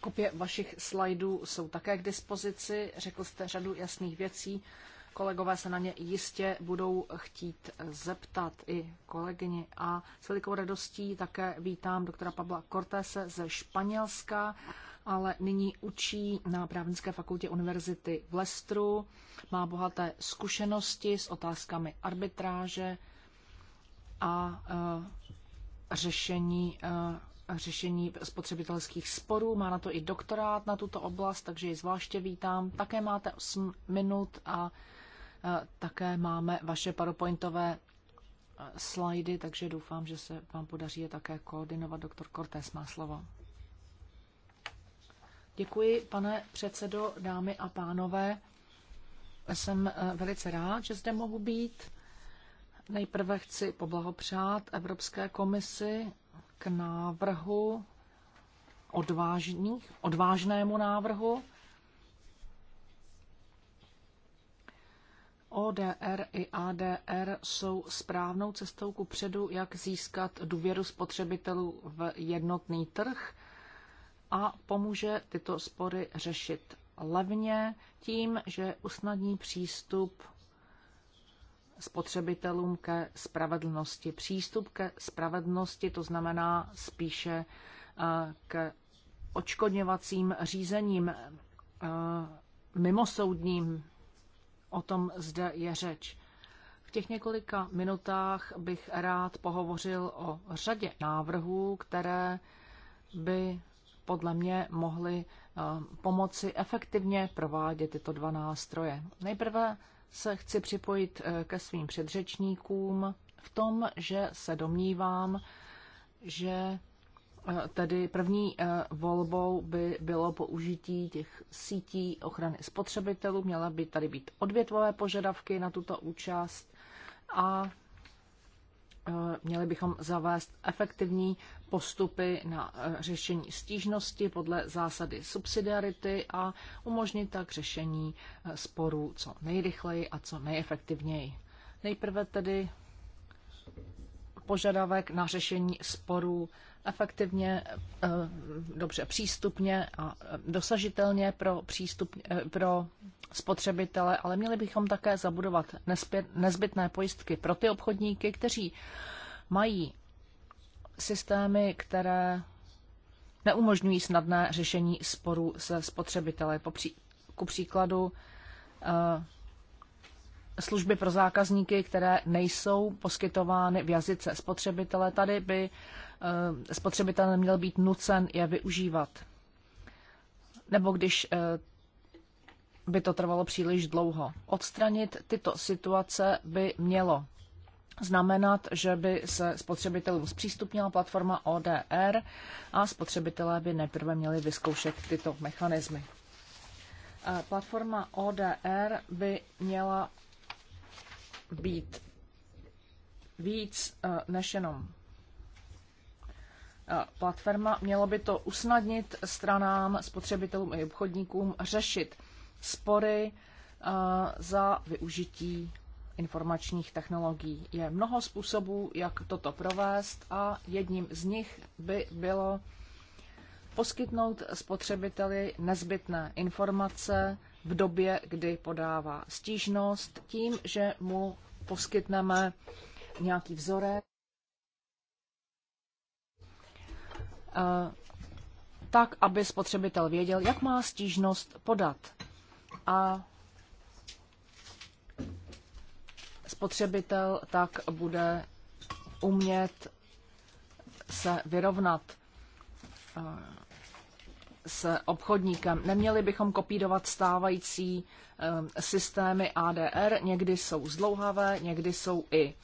Kopie vašich slajdů jsou také k dispozici. Řekl jste řadu jasných věcí. Kolegové se na ně jistě budou chtít zeptat i kolegyni. A s velikou radostí také vítám doktora Pabla Cortese ze Španělska, ale nyní učí na právnické fakultě univerzity v Lestru. Má bohaté zkušenosti s otázkami arbitráže a e, řešení e, řešení spotřebitelských sporů, má na to i doktorát na tuto oblast, takže ji zvláště vítám. Také máte 8 minut a také máme vaše PowerPointové slajdy, takže doufám, že se vám podaří je také koordinovat. Doktor Cortés má slovo. Děkuji, pane předsedo, dámy a pánové. Jsem e, velice rád, že zde mohu být. Nejprve chci poblahopřát Evropské komisi k návrhu odvážných, odvážnému návrhu. ODR i ADR jsou správnou cestou ku předu, jak získat důvěru spotřebitelů v jednotný trh a pomůže tyto spory řešit levně tím, že usnadní přístup spotřebitelům ke spravedlnosti. Přístup ke spravedlnosti, to znamená spíše eh, k očkodňovacím řízením eh, mimosoudním. O tom zde je řeč. V těch několika minutách bych rád pohovořil o řadě návrhů, které by podle mě mohly eh, pomoci efektivně provádět tyto dva nástroje. Nejprve se chci připojit eh, ke svým předřečníkům v tom, že se domnívám, že eh, Tedy první eh, volbou by bylo použití těch sítí ochrany spotřebitelů, měla by tady být odvětvové požadavky na tuto účast a Eh, měli bychom zavést efektivní postupy na eh, řešení stížnosti podle zásady subsidiarity a umožnit tak řešení eh, sporů co nejrychleji a co nejefektivněji. Nejprve tedy požadavek na řešení sporů efektivně, eh, dobře přístupně a dosažitelně pro, přístup, eh, pro spotřebitele, ale měli bychom také zabudovat nezbytné pojistky pro ty obchodníky, kteří mají systémy, které neumožňují snadné řešení sporů se spotřebitele. Ku příkladu eh, služby pro zákazníky, které nejsou poskytovány v jazyce spotřebitele. Tady by Eh, spotřebitel neměl být nucen je využívat. Nebo když eh, by to trvalo příliš dlouho. Odstranit tyto situace by mělo znamenat, že by se spotřebitelům zpřístupnila platforma ODR a spotřebitelé by nejprve měli vyzkoušet tyto mechanismy. Eh, platforma ODR by měla být víc než jenom platforma. Mělo by to usnadnit stranám, spotřebitelům i obchodníkům řešit spory za využití informačních technologií. Je mnoho způsobů, jak toto provést a jedním z nich by bylo poskytnout spotřebiteli nezbytné informace v době, kdy podává stížnost, tím, že mu poskytneme nějaký vzorek Eh, tak, aby spotřebitel věděl, jak má stížnost podat. A spotřebitel tak bude umět se vyrovnat eh, s obchodníkem. Neměli bychom kopírovat stávající eh, systémy ADR, někdy jsou zdlouhavé, někdy jsou i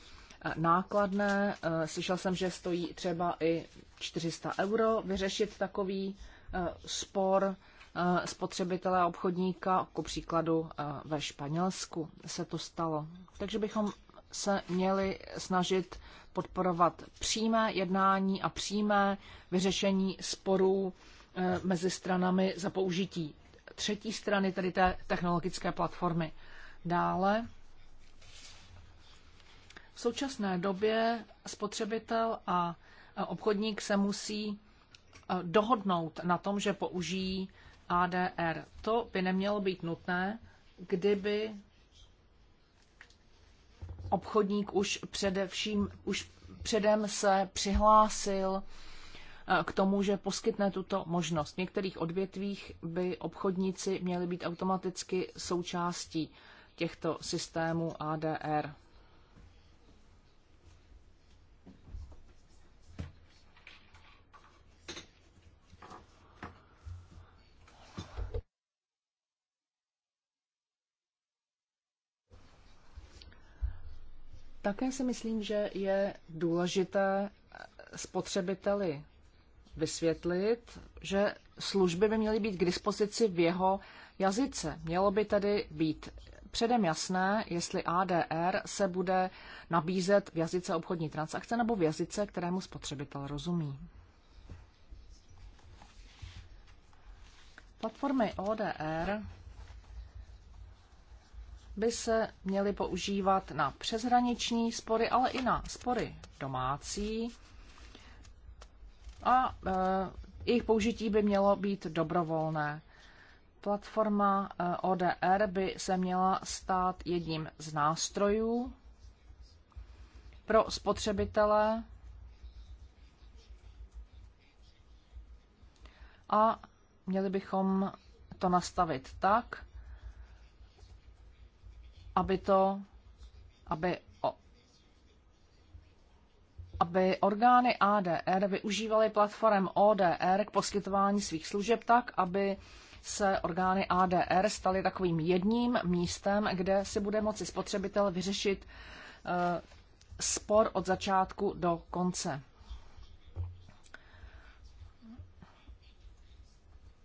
nákladné. Eh, slyšel jsem, že stojí třeba i 400 euro vyřešit takový eh, spor eh, spotřebitele a obchodníka, ku příkladu ve Španělsku se to stalo. Takže bychom se měli snažit podporovat přímé jednání a přímé vyřešení sporů mezi stranami za použití třetí strany, tedy té technologické platformy. Dále v současné době spotřebitel a obchodník se musí dohodnout na tom, že použijí ADR. To by nemělo být nutné, kdyby obchodník už především, už předem se přihlásil k tomu, že poskytne tuto možnost. V některých odvětvích by obchodníci měli být automaticky součástí těchto systémů ADR. Také si myslím, že je důležité spotřebiteli vysvětlit, že služby by měly být k dispozici v jeho jazyce. Mělo by tedy být předem jasné, jestli ADR se bude nabízet v jazyce obchodní transakce nebo v jazyce, kterému spotřebitel rozumí. Platformy ODR by se měly používat na přeshraniční spory, ale i na spory domácí. A e, jejich použití by mělo být dobrovolné. Platforma e, ODR by se měla stát jedním z nástrojů pro spotřebitele a měli bychom to nastavit tak, aby to, aby aby orgány ADR využívaly platform ODR k poskytování svých služeb tak, aby se orgány ADR staly takovým jedním místem, kde si bude moci spotřebitel vyřešit eh, spor od začátku do konce.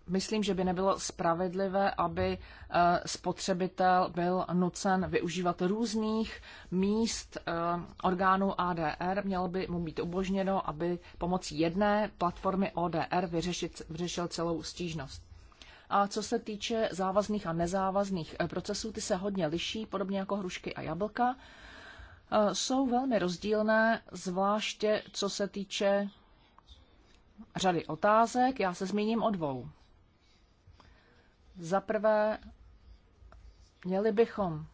myslím, že by nebylo spravedlivé, aby eh, spotřebitel byl nucen využívat různých míst eh, orgánů ADR. Mělo by mu být umožněno, aby pomocí jedné platformy ODR vyřešit, vyřešil celou stížnost. A co se týče závazných a nezávazných eh, procesů, ty se hodně liší, podobně jako hrušky a jablka. Jsou velmi rozdílné, zvláště co se týče řady otázek. Já se zmíním o dvou. Za prvé, měli bychom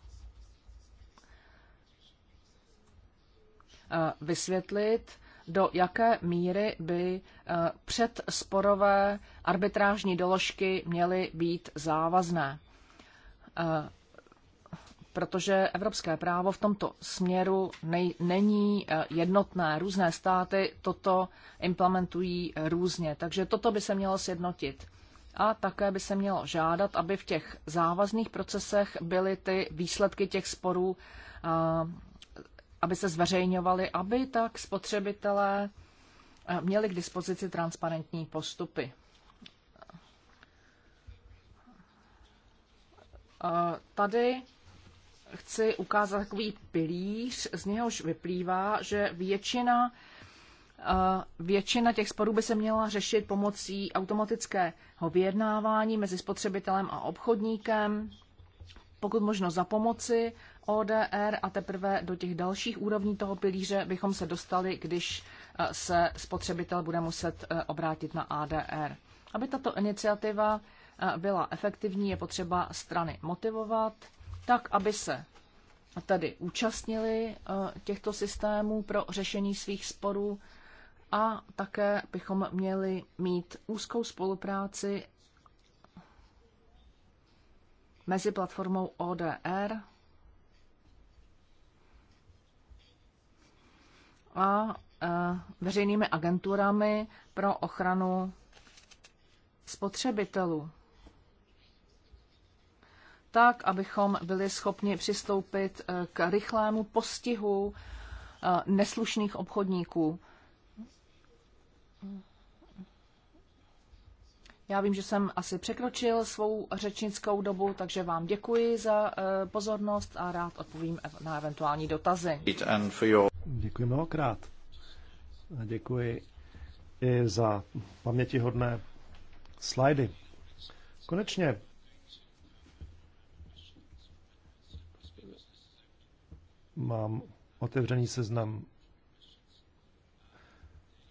eh, vysvětlit, do jaké míry by eh, předsporové arbitrážní doložky měly být závazné. Eh, protože evropské právo v tomto směru nej, není jednotné. Různé státy toto implementují různě, takže toto by se mělo sjednotit a také by se mělo žádat, aby v těch závazných procesech byly ty výsledky těch sporů, aby se zveřejňovaly, aby tak spotřebitelé měli k dispozici transparentní postupy. Tady chci ukázat takový pilíř, z něhož vyplývá, že většina Eh, většina těch sporů by se měla řešit pomocí automatického vyjednávání mezi spotřebitelem a obchodníkem, pokud možno za pomoci ODR a teprve do těch dalších úrovní toho pilíře bychom se dostali, když eh, se spotřebitel bude muset eh, obrátit na ADR. Aby tato iniciativa byla efektivní, je potřeba strany motivovat tak, aby se tedy účastnili těchto systémů pro řešení svých sporů a také bychom měli mít úzkou spolupráci mezi platformou ODR a e, veřejnými agenturami pro ochranu spotřebitelů. Tak, abychom byli schopni přistoupit e, k rychlému postihu e, neslušných obchodníků já vím, že jsem asi překročil svou řečnickou dobu, takže vám děkuji za eh, pozornost a rád odpovím na eventuální dotazy. Děkuji mnohokrát. děkuji i za pamětihodné slajdy. Konečně mám otevřený seznam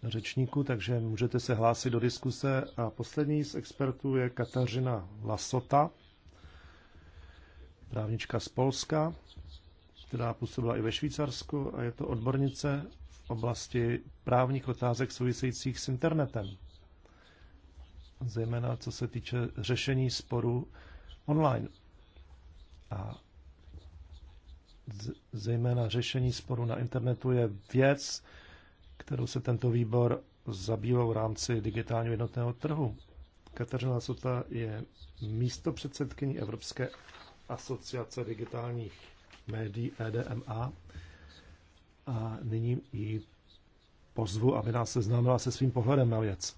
řečníků, takže můžete se hlásit do diskuse. A poslední z expertů je Kateřina Lasota, právnička z Polska, která působila i ve Švýcarsku a je to odbornice v oblasti právních otázek souvisejících s internetem. Zejména co se týče řešení sporů online. A zejména řešení sporu na internetu je věc, kterou se tento výbor zabýval v rámci digitálního jednotného trhu. Kateřina Suta je místo předsedkyní Evropské asociace digitálních médií EDMA a nyní ji pozvu, aby nás seznámila se svým pohledem na věc.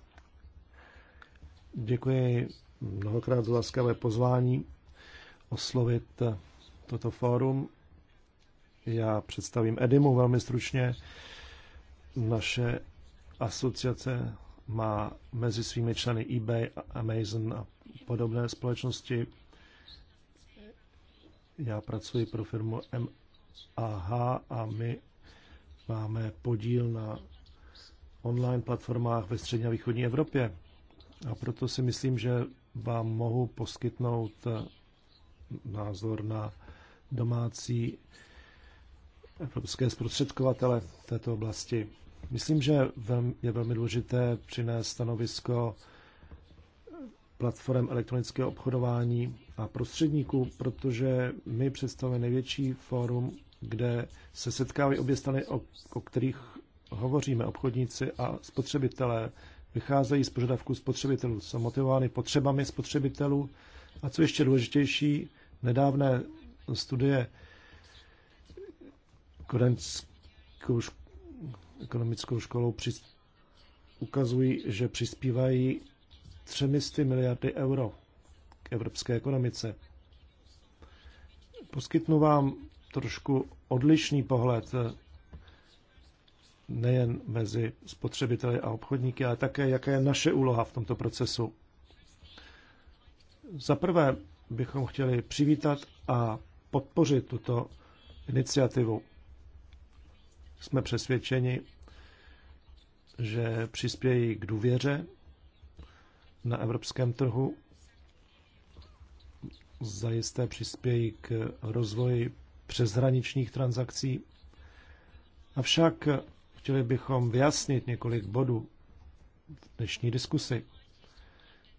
Děkuji mnohokrát za laskavé pozvání oslovit toto fórum. Já představím Edimu velmi stručně. Naše asociace má mezi svými členy eBay, Amazon a podobné společnosti. Já pracuji pro firmu MAH a my máme podíl na online platformách ve střední a východní Evropě. A proto si myslím, že vám mohu poskytnout eh, názor na domácí evropské zprostředkovatele v této oblasti. Myslím, že je velmi důležité přinést stanovisko platform elektronického obchodování a prostředníků, protože my představujeme největší fórum, kde se setkávají obě strany, o, o kterých hovoříme, obchodníci a spotřebitelé. Vycházejí z požadavků spotřebitelů, jsou motivovány potřebami spotřebitelů a co ještě důležitější, nedávné studie školu, ekonomickou školou přis... ukazují, že přispívají 300 miliardy euro k evropské ekonomice. Poskytnu vám trošku odlišný pohled eh, nejen mezi spotřebiteli a obchodníky, ale také jaká je naše úloha v tomto procesu. Za prvé bychom chtěli přivítat a podpořit tuto iniciativu jsme přesvědčeni, že přispějí k důvěře na evropském trhu, zajisté přispějí k rozvoji přeshraničních transakcí. Avšak chtěli bychom vyjasnit několik bodů v dnešní diskusi.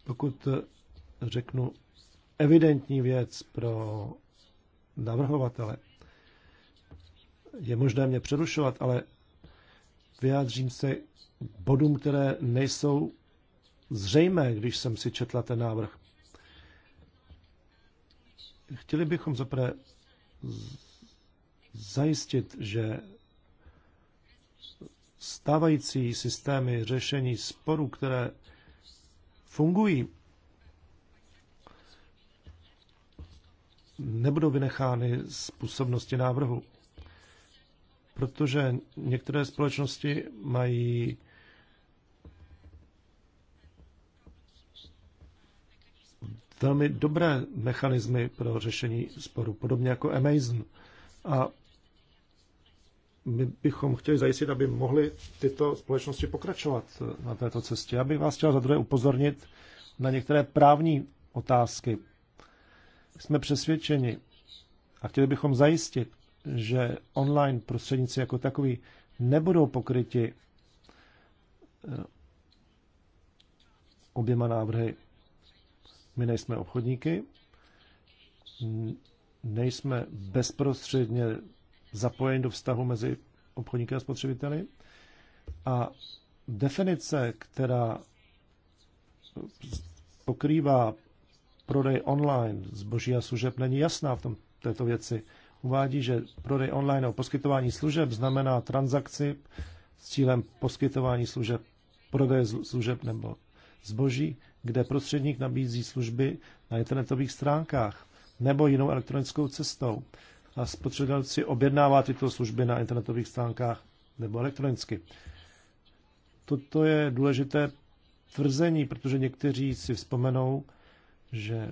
Pokud řeknu evidentní věc pro navrhovatele, je možné mě přerušovat, ale vyjádřím se bodům, které nejsou zřejmé, když jsem si četla ten návrh. Chtěli bychom zaprvé zajistit, že stávající systémy řešení sporů, které fungují, nebudou vynechány z působnosti návrhu protože některé společnosti mají velmi dobré mechanismy pro řešení sporu, podobně jako Amazon. A my bychom chtěli zajistit, aby mohly tyto společnosti pokračovat na této cestě. Já bych vás chtěl za druhé upozornit na některé právní otázky. Jsme přesvědčeni a chtěli bychom zajistit, že online prostředníci jako takový nebudou pokryti eh, oběma návrhy. My nejsme obchodníky, nejsme bezprostředně zapojeni do vztahu mezi obchodníky a spotřebiteli a definice, která pokrývá prodej online zboží a služeb, není jasná v tom, této věci uvádí, že prodej online o poskytování služeb znamená transakci s cílem poskytování služeb, prodeje služeb nebo zboží, kde prostředník nabízí služby na internetových stránkách nebo jinou elektronickou cestou a spotřebitel si objednává tyto služby na internetových stránkách nebo elektronicky. Toto je důležité tvrzení, protože někteří si vzpomenou, že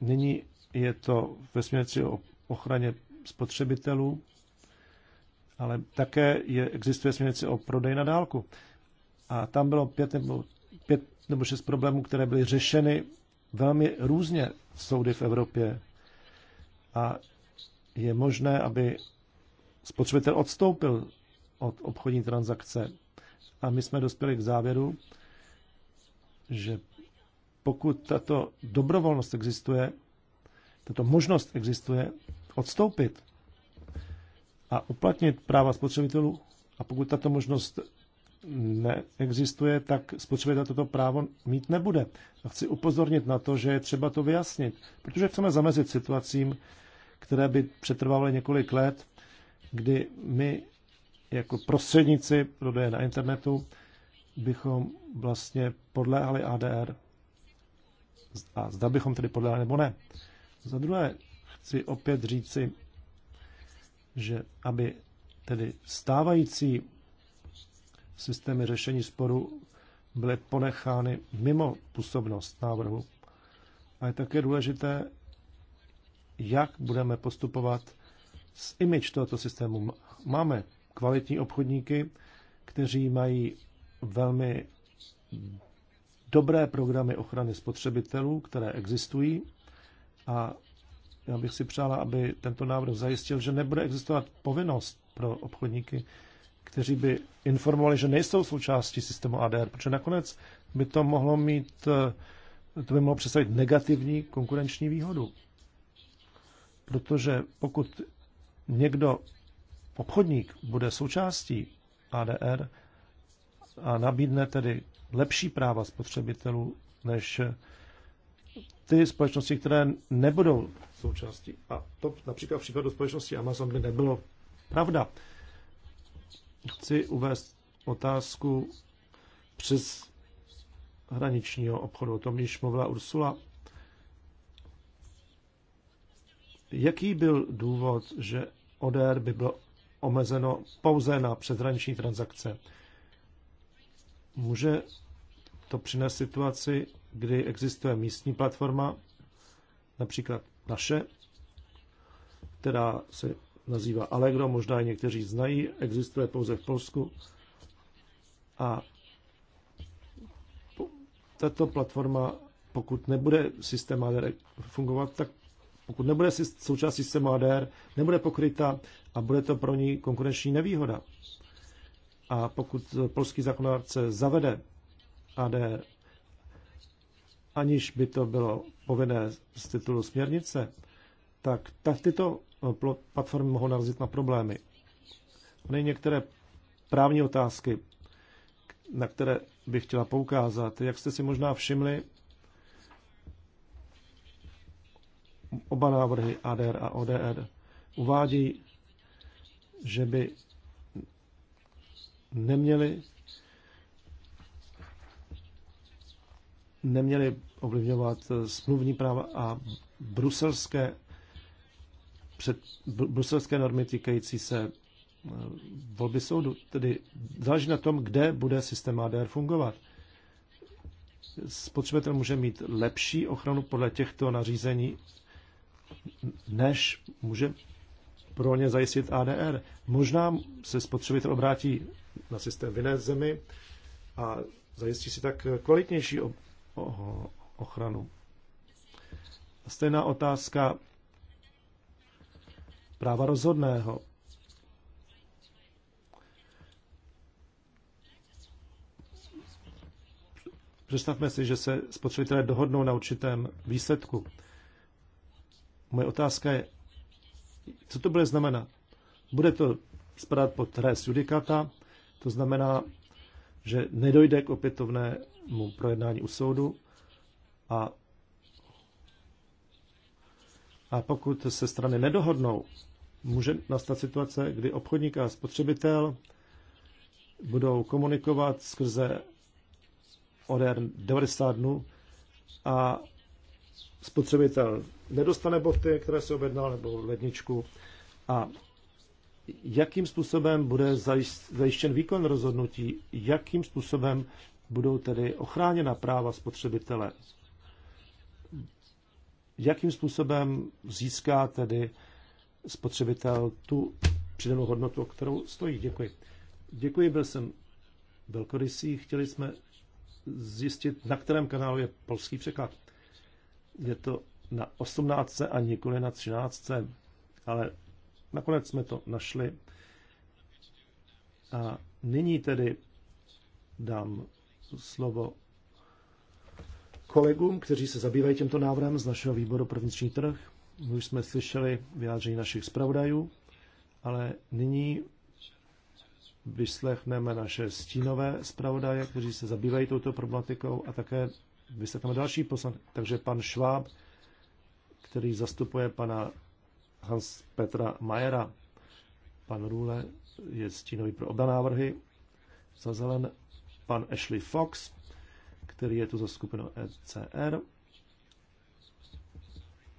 nyní je to ve směrci o ochraně spotřebitelů, ale také je, existuje směrnice o prodeji na dálku. A tam bylo pět nebo, pět nebo šest problémů, které byly řešeny velmi různě soudy v Evropě. A je možné, aby spotřebitel odstoupil od obchodní transakce. A my jsme dospěli k závěru, že pokud tato dobrovolnost existuje, tato možnost existuje, odstoupit a uplatnit práva spotřebitelů. A pokud tato možnost neexistuje, tak spotřebitel toto právo mít nebude. A chci upozornit na to, že je třeba to vyjasnit, protože chceme zamezit situacím, které by přetrvávaly několik let, kdy my jako prostředníci prodeje na internetu bychom vlastně podléhali ADR. A zda bychom tedy podléhali nebo ne. Za druhé chci opět říci, že aby tedy stávající systémy řešení sporu byly ponechány mimo působnost návrhu. A je také důležité, jak budeme postupovat s image tohoto systému. Máme kvalitní obchodníky, kteří mají velmi dobré programy ochrany spotřebitelů, které existují a já bych si přála, aby tento návrh zajistil, že nebude existovat povinnost pro obchodníky, kteří by informovali, že nejsou součástí systému ADR, protože nakonec by to mohlo mít, to by mohlo představit negativní konkurenční výhodu. Protože pokud někdo, obchodník, bude součástí ADR a nabídne tedy lepší práva spotřebitelů než ty společnosti, které nebudou součástí. A to například v případu společnosti Amazon by nebylo pravda. Chci uvést otázku přes hraničního obchodu. O tom již mluvila Ursula. Jaký byl důvod, že ODR by bylo omezeno pouze na přeshraniční transakce? Může to přinést situaci, kdy existuje místní platforma, například naše, která se nazývá Allegro, možná i někteří znají, existuje pouze v Polsku. A tato platforma, pokud nebude systém ADR fungovat, tak pokud nebude součást systému ADR, nebude pokryta a bude to pro ní konkurenční nevýhoda. A pokud polský zákonodárce zavede ADR aniž by to bylo povinné z titulu směrnice, tak, tyto eh, platformy mohou narazit na problémy. Ony některé právní otázky, na které bych chtěla poukázat. Jak jste si možná všimli, oba návrhy ADR a ODR uvádí, že by neměly Neměli ovlivňovat eh, smluvní práva a bruselské, před, bruselské normy týkající se eh, volby soudu. Tedy záleží na tom, kde bude systém ADR fungovat. Spotřebitel může mít lepší ochranu podle těchto nařízení, než může pro ně zajistit ADR. Možná se spotřebitel obrátí na systém v jiné zemi a zajistí si tak kvalitnější ochranu. Stejná otázka práva rozhodného. Představme si, že se spotřebitelé dohodnou na určitém výsledku. Moje otázka je, co to bude znamenat? Bude to spadat pod res judikata, to znamená, že nedojde k opětovnému projednání u soudu a, a pokud se strany nedohodnou, může nastat situace, kdy obchodník a spotřebitel budou komunikovat skrze ODR 90 dnů a spotřebitel nedostane boty, které se objednal, nebo ledničku a jakým způsobem bude zajištěn výkon rozhodnutí, jakým způsobem budou tedy ochráněna práva spotřebitele, jakým způsobem získá tedy spotřebitel tu přidanou hodnotu, o kterou stojí. Děkuji. Děkuji, byl jsem velkorysý. Chtěli jsme zjistit, na kterém kanálu je polský překlad. Je to na 18 a nikoli na 13, ale Nakonec jsme to našli. A nyní tedy dám slovo kolegům, kteří se zabývají tímto návrhem z našeho výboru pro vnitřní trh. My už jsme slyšeli vyjádření našich zpravodajů, ale nyní vyslechneme naše stínové zpravodaje, kteří se zabývají touto problematikou a také vyslechneme další poslance. Takže pan Šváb, který zastupuje pana Hans Petra Majera. Pan Rule je stínový pro oba návrhy. Za zelen pan Ashley Fox, který je tu za skupinu ECR.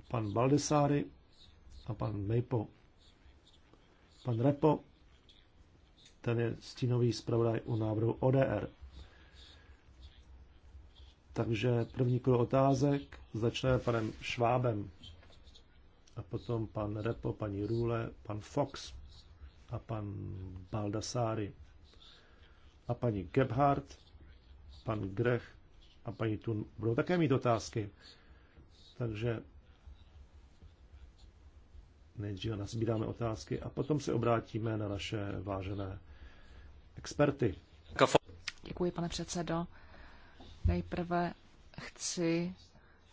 Pan Baldessari a pan Mejpo. Pan Repo, ten je stínový zpravodaj u návrhu ODR. Takže první kolo otázek začneme panem Švábem a potom pan Repo, paní Růle, pan Fox a pan Baldassari a paní Gebhardt, pan Grech a paní Tun budou také mít otázky. Takže nejdříve nasbíráme otázky a potom se obrátíme na naše vážené experty. Děkuji, pane předsedo. Nejprve chci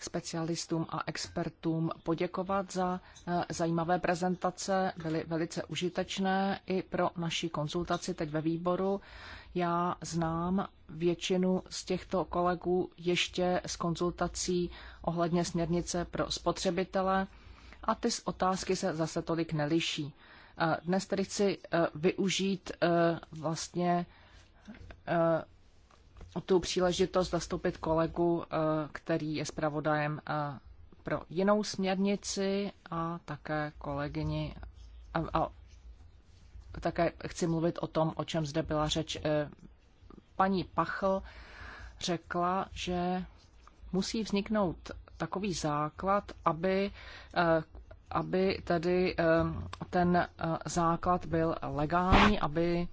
specialistům a expertům poděkovat za eh, zajímavé prezentace, byly velice užitečné i pro naší konzultaci teď ve výboru. Já znám většinu z těchto kolegů ještě z konzultací ohledně směrnice pro spotřebitele a ty otázky se zase tolik neliší. Eh, dnes tedy chci eh, využít vlastně tu příležitost zastoupit kolegu, eh, který je zpravodajem eh, pro jinou směrnici a také kolegyni a, a také chci mluvit o tom, o čem zde byla řeč. Eh, paní Pachl řekla, že musí vzniknout takový základ, aby, aby tedy ten základ byl legální, aby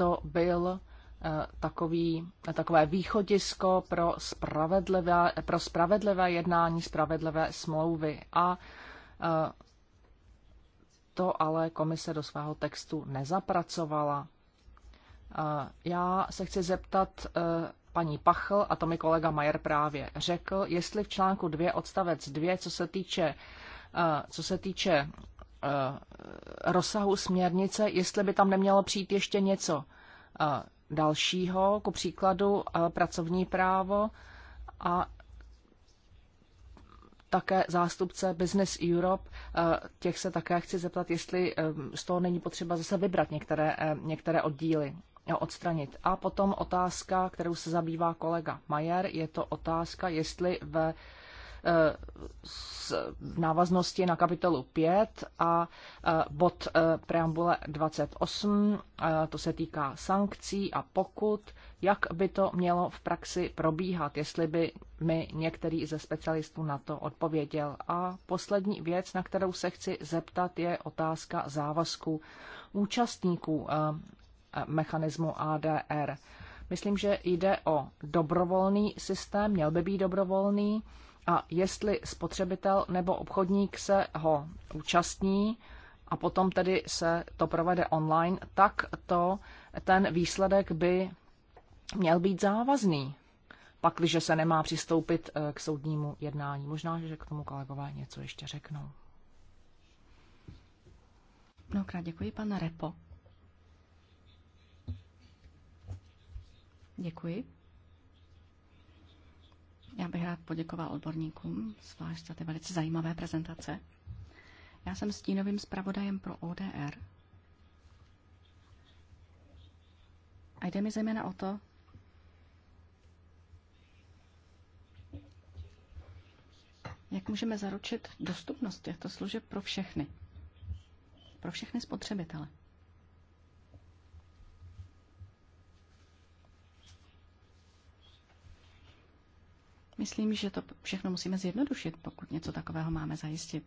to byl eh, takový, takové východisko pro spravedlivé, pro spravedlivé jednání, spravedlivé smlouvy. A eh, to ale komise do svého textu nezapracovala. Eh, já se chci zeptat paní Pachl, a to mi kolega Majer právě řekl, jestli v článku 2 odstavec 2, co se týče, co se týče Eh, rozsahu směrnice, jestli by tam nemělo přijít ještě něco eh, dalšího, ku příkladu eh, pracovní právo a také zástupce Business Europe. Těch se také chci zeptat, jestli z toho není potřeba zase vybrat některé, některé oddíly odstranit. A potom otázka, kterou se zabývá kolega Majer, je to otázka, jestli ve v návaznosti na kapitolu 5 a e, bod e, preambule 28, e, to se týká sankcí a pokud, jak by to mělo v praxi probíhat, jestli by mi některý ze specialistů na to odpověděl. A poslední věc, na kterou se chci zeptat, je otázka závazku účastníků mechanismu ADR. Myslím, že jde o dobrovolný systém, měl by být dobrovolný a jestli spotřebitel nebo obchodník se ho účastní a potom tedy se to provede online, tak to ten výsledek by měl být závazný, pakliže se nemá přistoupit eh, k soudnímu jednání. Možná, že k tomu kolegové něco ještě řeknou. Mnohokrát děkuji, pana Repo. Děkuji. Já bych rád poděkoval odborníkům, zvlášť za ty velice zajímavé prezentace. Já jsem stínovým zpravodajem pro ODR. A jde mi zejména o to, jak můžeme zaručit dostupnost těchto služeb pro všechny. Pro všechny spotřebitele. Myslím, že to všechno musíme zjednodušit, pokud něco takového máme zajistit.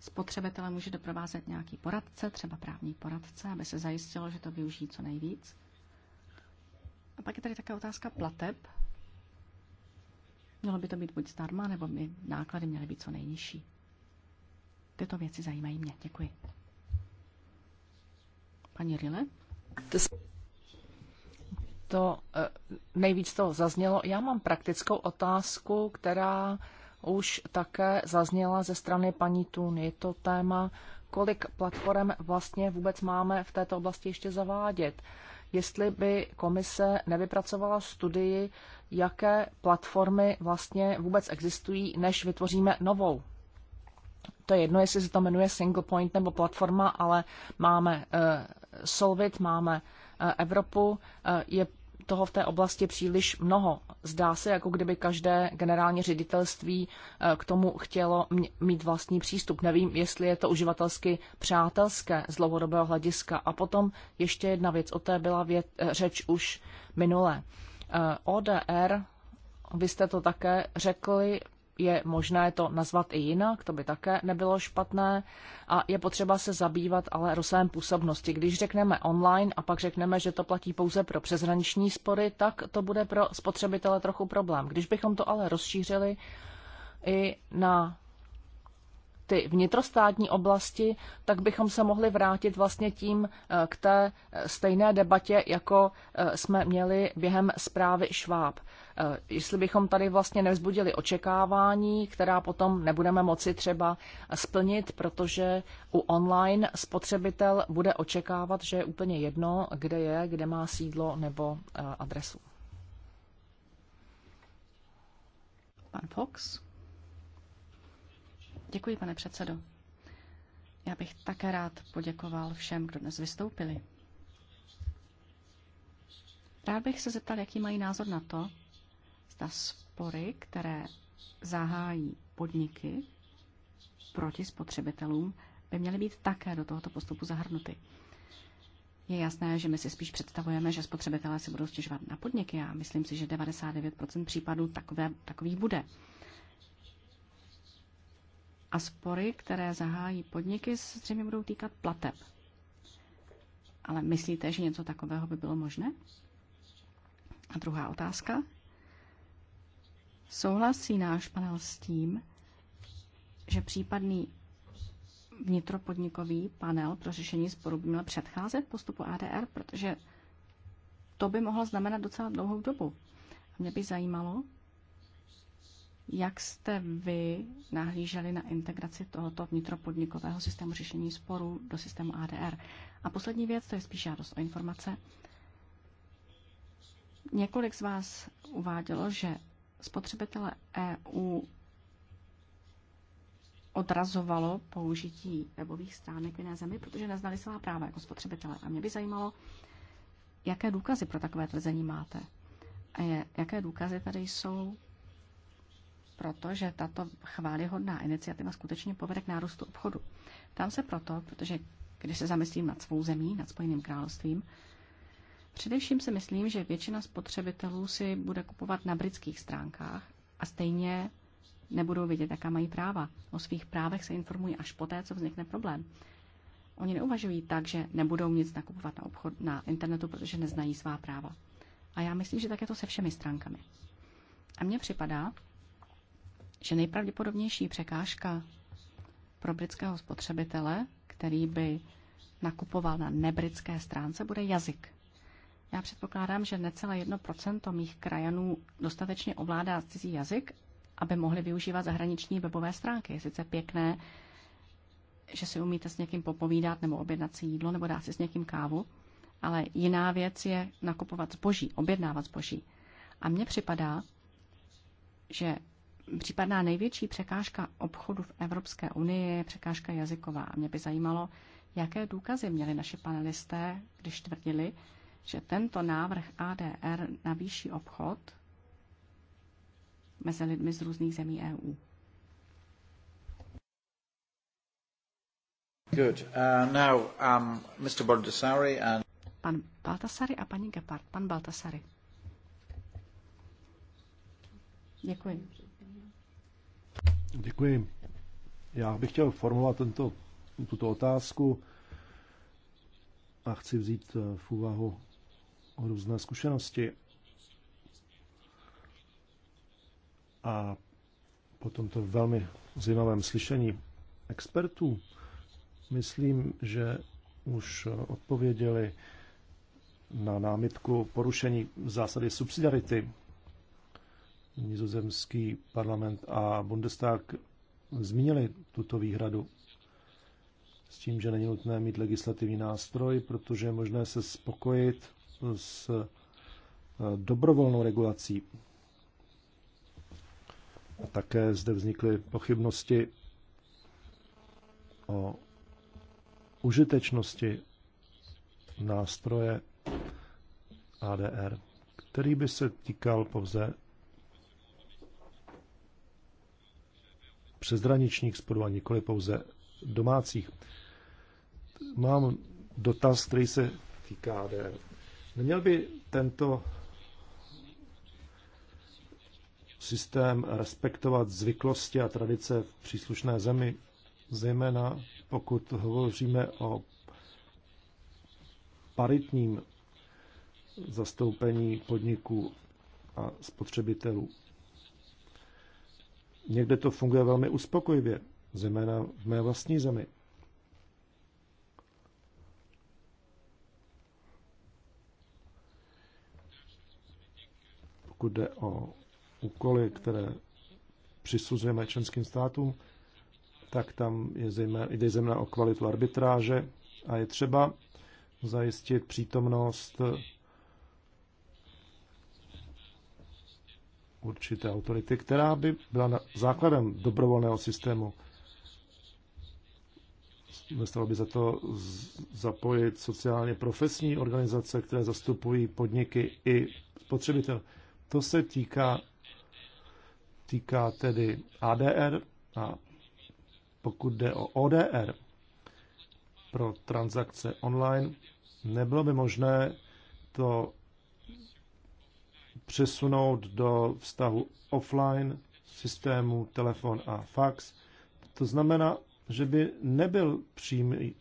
Spotřebitele může doprovázet nějaký poradce, třeba právní poradce, aby se zajistilo, že to využijí co nejvíc. A pak je tady také otázka plateb, Mělo by to být buď zdarma, nebo by náklady měly být co nejnižší. Tyto věci zajímají mě. Děkuji. Paní Rile? To eh, nejvíc toho zaznělo. Já mám praktickou otázku, která už také zazněla ze strany paní Tun. Je to téma, kolik platform vlastně vůbec máme v této oblasti ještě zavádět jestli by komise nevypracovala studii, jaké platformy vlastně vůbec existují, než vytvoříme novou. To je jedno, jestli se to jmenuje single point nebo platforma, ale máme eh, Solvit, máme eh, Evropu, eh, je toho v té oblasti příliš mnoho. Zdá se, jako kdyby každé generální ředitelství eh, k tomu chtělo mít vlastní přístup. Nevím, jestli je to uživatelsky přátelské z dlouhodobého hlediska. A potom ještě jedna věc, o té byla věc, eh, řeč už minule. Eh, ODR, vy jste to také řekli, je možné to nazvat i jinak, to by také nebylo špatné. A je potřeba se zabývat ale rozsahem působnosti. Když řekneme online a pak řekneme, že to platí pouze pro přeshraniční spory, tak to bude pro spotřebitele trochu problém. Když bychom to ale rozšířili i na ty vnitrostátní oblasti, tak bychom se mohli vrátit vlastně tím eh, k té eh, stejné debatě, jako eh, jsme měli během zprávy Šváb. Jestli bychom tady vlastně nevzbudili očekávání, která potom nebudeme moci třeba splnit, protože u online spotřebitel bude očekávat, že je úplně jedno, kde je, kde má sídlo nebo adresu. Pan Fox. Děkuji, pane předsedo. Já bych také rád poděkoval všem, kdo dnes vystoupili. Rád bych se zeptal, jaký mají názor na to, zda spory, které zahájí podniky proti spotřebitelům, by měly být také do tohoto postupu zahrnuty. Je jasné, že my si spíš představujeme, že spotřebitelé si budou stěžovat na podniky a myslím si, že 99% případů takové, takových bude a spory, které zahájí podniky, se zřejmě budou týkat plateb. Ale myslíte, že něco takového by bylo možné? A druhá otázka. Souhlasí náš panel s tím, že případný vnitropodnikový panel pro řešení sporu by měl předcházet postupu ADR, protože to by mohlo znamenat docela dlouhou dobu. A mě by zajímalo, jak jste vy nahlíželi na integraci tohoto vnitropodnikového systému řešení sporů do systému ADR? A poslední věc, to je spíš žádost o informace. Několik z vás uvádělo, že spotřebitele EU odrazovalo použití webových stránek v jiné zemi, protože neznali svá práva jako spotřebitele. A mě by zajímalo, jaké důkazy pro takové tvrzení máte? A je, jaké důkazy tady jsou protože tato chválihodná iniciativa skutečně povede k nárůstu obchodu. Tam se proto, protože když se zamyslím nad svou zemí, nad Spojeným královstvím, především si myslím, že většina spotřebitelů si bude kupovat na britských stránkách a stejně nebudou vědět, jaká mají práva. O svých právech se informují až poté, co vznikne problém. Oni neuvažují tak, že nebudou nic nakupovat na, obchod, na internetu, protože neznají svá práva. A já myslím, že tak je to se všemi stránkami. A mně připadá, že nejpravděpodobnější překážka pro britského spotřebitele, který by nakupoval na nebritské stránce, bude jazyk. Já předpokládám, že necelé 1% mých krajanů dostatečně ovládá cizí jazyk, aby mohli využívat zahraniční webové stránky. Je sice pěkné, že si umíte s někým popovídat nebo objednat si jídlo nebo dát si s někým kávu, ale jiná věc je nakupovat zboží, objednávat zboží. A mně připadá, že případná největší překážka obchodu v Evropské unii je překážka jazyková. Mě by zajímalo, jaké důkazy měli naši panelisté, když tvrdili, že tento návrh ADR navýší obchod mezi lidmi z různých zemí EU. Good. Uh, now, um, Mr. Baldessari and... Pan Baltasary a paní Gepard. Pan Baltasary. Děkuji. Děkuji. Já bych chtěl formulovat tento, tuto otázku a chci vzít eh, v úvahu různé zkušenosti. A po tomto velmi zajímavém slyšení expertů, myslím, že už eh, odpověděli na námitku porušení zásady subsidiarity nizozemský parlament a Bundestag zmínili tuto výhradu s tím, že není nutné mít legislativní nástroj, protože je možné se spokojit s eh, dobrovolnou regulací. A také zde vznikly pochybnosti o užitečnosti nástroje ADR, který by se týkal pouze přezraničních sporů a nikoli pouze domácích. Mám dotaz, který se týká DR. Neměl by tento systém respektovat zvyklosti a tradice v příslušné zemi, zejména pokud hovoříme o paritním zastoupení podniků a spotřebitelů. Někde to funguje velmi uspokojivě, zejména v mé vlastní zemi. Pokud jde o úkoly, které přisuzujeme členským státům, tak tam je zejména, jde zejména o kvalitu arbitráže a je třeba zajistit přítomnost určité autority, která by byla základem dobrovolného systému. Nestalo by za to zapojit sociálně profesní organizace, které zastupují podniky i spotřebitel. To se týká, týká tedy ADR a pokud jde o ODR pro transakce online, nebylo by možné to přesunout do vztahu offline systému telefon a fax. To znamená, že by nebyl přímý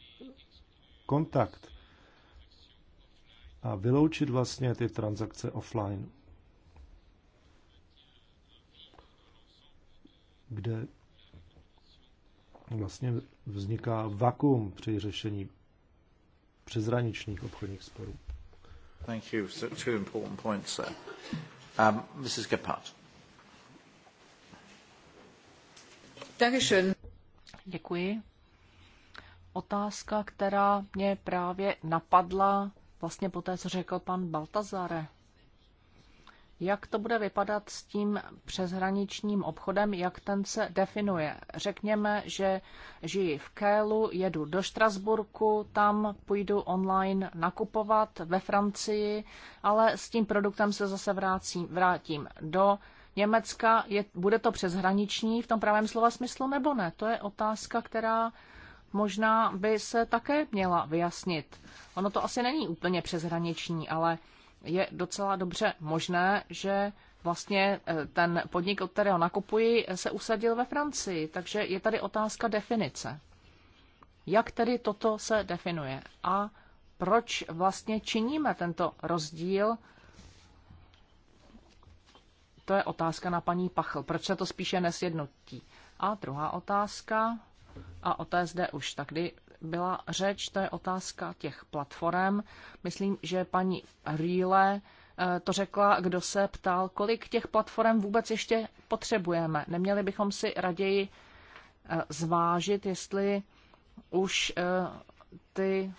kontakt a vyloučit vlastně ty transakce offline, kde vlastně vzniká vakuum při řešení přezraničních obchodních sporů. Thank you. So two important points there. Um, Mrs. Gephardt. Dankeschön. Děkuji. Otázka, která mě právě napadla vlastně po té, co řekl pan Baltazare. Jak to bude vypadat s tím přeshraničním obchodem, jak ten se definuje? Řekněme, že žiji v Kélu, jedu do Štrasburku, tam půjdu online nakupovat ve Francii, ale s tím produktem se zase vrátím, vrátím do Německa. Je, bude to přeshraniční v tom pravém slova smyslu nebo ne? To je otázka, která možná by se také měla vyjasnit. Ono to asi není úplně přeshraniční, ale je docela dobře možné, že vlastně eh, ten podnik, od kterého nakupuji, eh, se usadil ve Francii. Takže je tady otázka definice. Jak tedy toto se definuje? A proč vlastně činíme tento rozdíl? To je otázka na paní Pachl. Proč se to spíše nesjednotí? A druhá otázka, a o té zde už takdy byla řeč, to je otázka těch platform. Myslím, že paní Rýle eh, to řekla, kdo se ptal, kolik těch platform vůbec ještě potřebujeme. Neměli bychom si raději eh, zvážit, jestli už eh, ty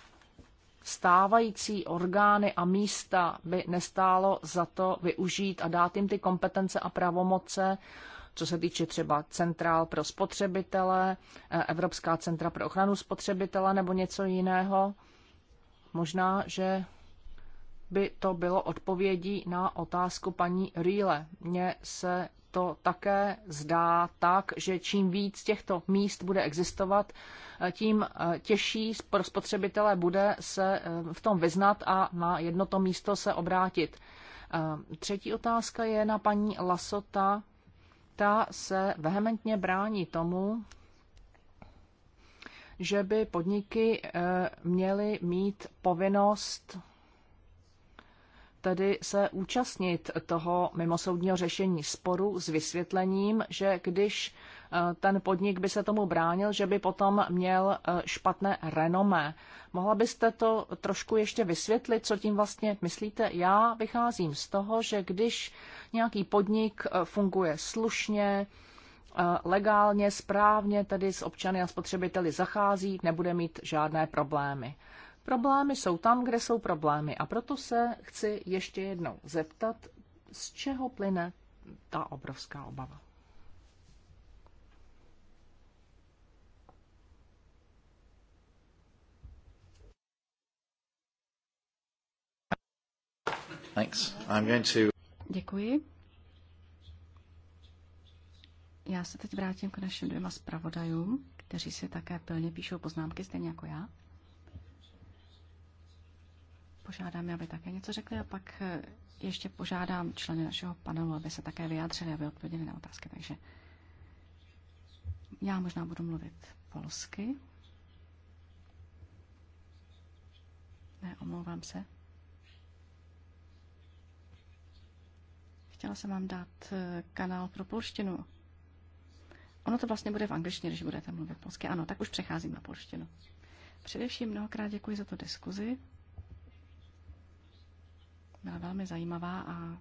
stávající orgány a místa by nestálo za to využít a dát jim ty kompetence a pravomoce, co se týče třeba centrál pro spotřebitele, eh, Evropská centra pro ochranu spotřebitele nebo něco jiného. Možná, že by to bylo odpovědí na otázku paní Rýle. Mně se to také zdá tak, že čím víc těchto míst bude existovat, eh, tím eh, těžší pro spotřebitele bude se v tom vyznat a na jedno to místo se obrátit. Třetí otázka je na paní Lasota ta se vehementně brání tomu, že by podniky eh, měly mít povinnost tedy se účastnit toho mimosoudního řešení sporu s vysvětlením, že když ten podnik by se tomu bránil, že by potom měl e, špatné renomé. Mohla byste to trošku ještě vysvětlit, co tím vlastně myslíte? Já vycházím z toho, že když nějaký podnik e, funguje slušně, e, legálně, správně, tedy s občany a spotřebiteli zachází, nebude mít žádné problémy. Problémy jsou tam, kde jsou problémy a proto se chci ještě jednou zeptat, z čeho plyne ta obrovská obava. Thanks. I'm going to... Děkuji. Já se teď vrátím k našim dvěma zpravodajům, kteří si také plně píšou poznámky, stejně jako já. Požádám je, aby také něco řekli a pak eh, ještě požádám členy našeho panelu, aby se také vyjádřili, aby odpověděli na otázky. Takže já možná budu mluvit polsky. Ne, omlouvám se. Chtěla jsem vám dát eh, kanál pro polštinu. Ono to vlastně bude v angličtině, když budete mluvit polsky. Ano, tak už přecházím na polštinu. Především mnohokrát děkuji za tu diskuzi. Byla velmi zajímavá a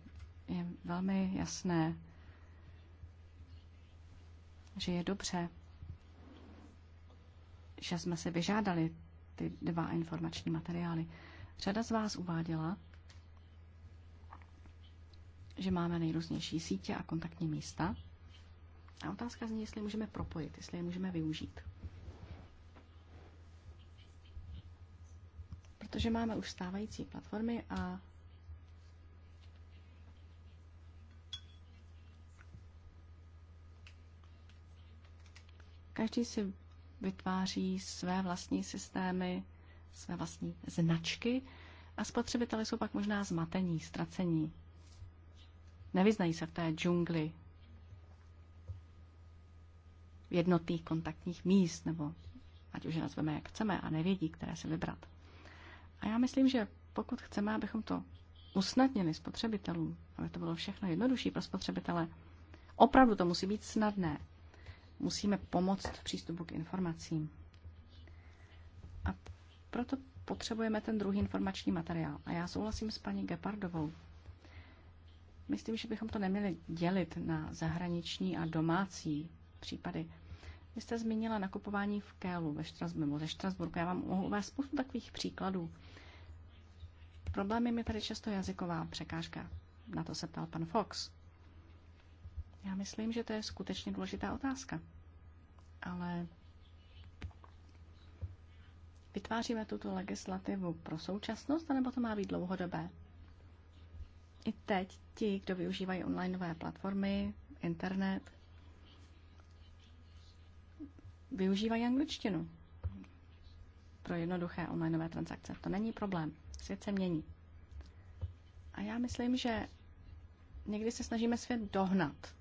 je velmi jasné, že je dobře, že jsme si vyžádali ty dva informační materiály. Řada z vás uváděla, že máme nejrůznější sítě a kontaktní místa. A otázka zní, jestli je můžeme propojit, jestli je můžeme využít. Protože máme už stávající platformy a každý si vytváří své vlastní systémy, své vlastní značky a spotřebitelé jsou pak možná zmatení, ztracení. Nevyznají se v té džungli jednotných kontaktních míst, nebo ať už je nazveme, jak chceme, a nevědí, které se vybrat. A já myslím, že pokud chceme, abychom to usnadnili spotřebitelům, aby to bylo všechno jednodušší pro spotřebitele, opravdu to musí být snadné. Musíme pomoct v přístupu k informacím. A proto potřebujeme ten druhý informační materiál. A já souhlasím s paní Gepardovou, Myslím, že bychom to neměli dělit na zahraniční a domácí případy. Vy jste zmínila nakupování v Kélu ve Štrasburku, ze Štrasburku. Já vám mohu uvést spoustu takových příkladů. Problémem je tady často jazyková překážka. Na to se ptal pan Fox. Já myslím, že to je skutečně důležitá otázka. Ale vytváříme tuto legislativu pro současnost, anebo to má být dlouhodobé? I teď ti, kdo využívají online nové platformy, internet, využívají angličtinu. Pro jednoduché onlineové transakce to není problém. Svět se mění. A já myslím, že někdy se snažíme svět dohnat.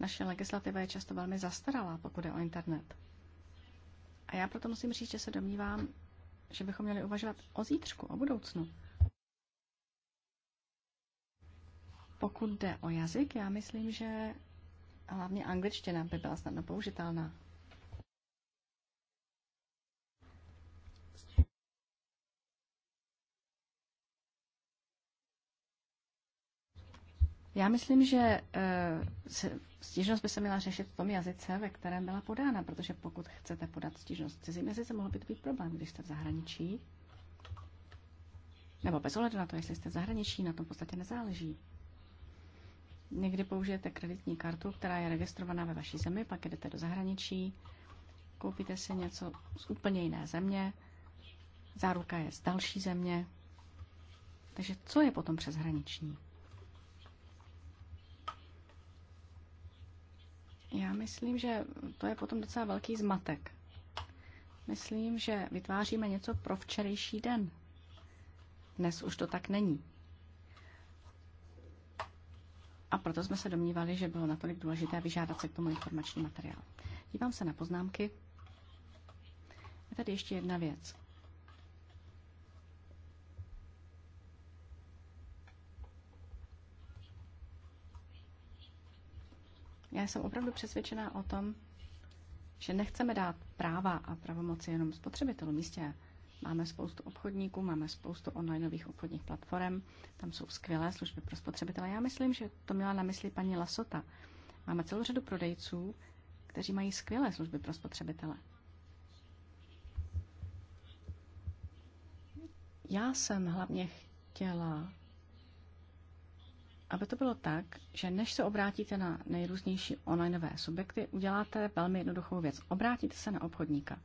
Naše legislativa je často velmi zastaralá, pokud je o internet. A já proto musím říct, že se domnívám, že bychom měli uvažovat o zítřku, o budoucnu. pokud jde o jazyk, já myslím, že hlavně angličtina by byla snadno použitelná. Já myslím, že eh, stížnost by se měla řešit v tom jazyce, ve kterém byla podána, protože pokud chcete podat stížnost v cizím jazyce, mohl by to být problém, když jste v zahraničí. Nebo bez ohledu na to, jestli jste v zahraničí, na tom v podstatě nezáleží. Někdy použijete kreditní kartu, která je registrovaná ve vaší zemi, pak jdete do zahraničí, koupíte si něco z úplně jiné země, záruka je z další země. Takže co je potom přeshraniční? Já myslím, že to je potom docela velký zmatek. Myslím, že vytváříme něco pro včerejší den. Dnes už to tak není. A proto jsme se domnívali, že bylo natolik důležité vyžádat se k tomu informační materiál. Dívám se na poznámky. Je tady ještě jedna věc. Já jsem opravdu přesvědčená o tom, že nechceme dát práva a pravomoci jenom spotřebitelům. místě Máme spoustu obchodníků, máme spoustu onlineových obchodních platform, tam jsou skvělé služby pro spotřebitele. Já myslím, že to měla na mysli paní Lasota. Máme celou řadu prodejců, kteří mají skvělé služby pro spotřebitele. Já jsem hlavně chtěla, aby to bylo tak, že než se obrátíte na nejrůznější onlineové subjekty, uděláte velmi jednoduchou věc. Obrátíte se na obchodníka.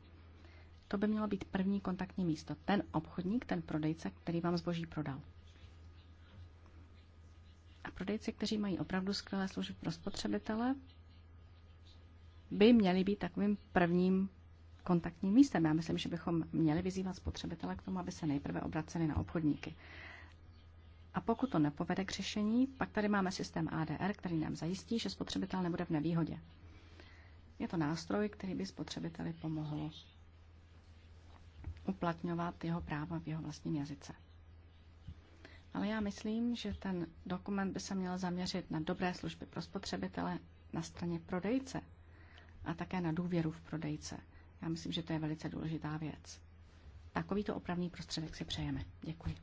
To by mělo být první kontaktní místo. Ten obchodník, ten prodejce, který vám zboží prodal. A prodejci, kteří mají opravdu skvělé služby pro spotřebitele, by měli být takovým prvním kontaktním místem. Já myslím, že bychom měli vyzývat spotřebitele k tomu, aby se nejprve obraceli na obchodníky. A pokud to nepovede k řešení, pak tady máme systém ADR, který nám zajistí, že spotřebitel nebude v nevýhodě. Je to nástroj, který by spotřebiteli pomohl uplatňovat jeho práva v jeho vlastním jazyce. Ale já myslím, že ten dokument by se měl zaměřit na dobré služby pro spotřebitele na straně prodejce a také na důvěru v prodejce. Já myslím, že to je velice důležitá věc. Takovýto opravný prostředek si přejeme. Děkuji.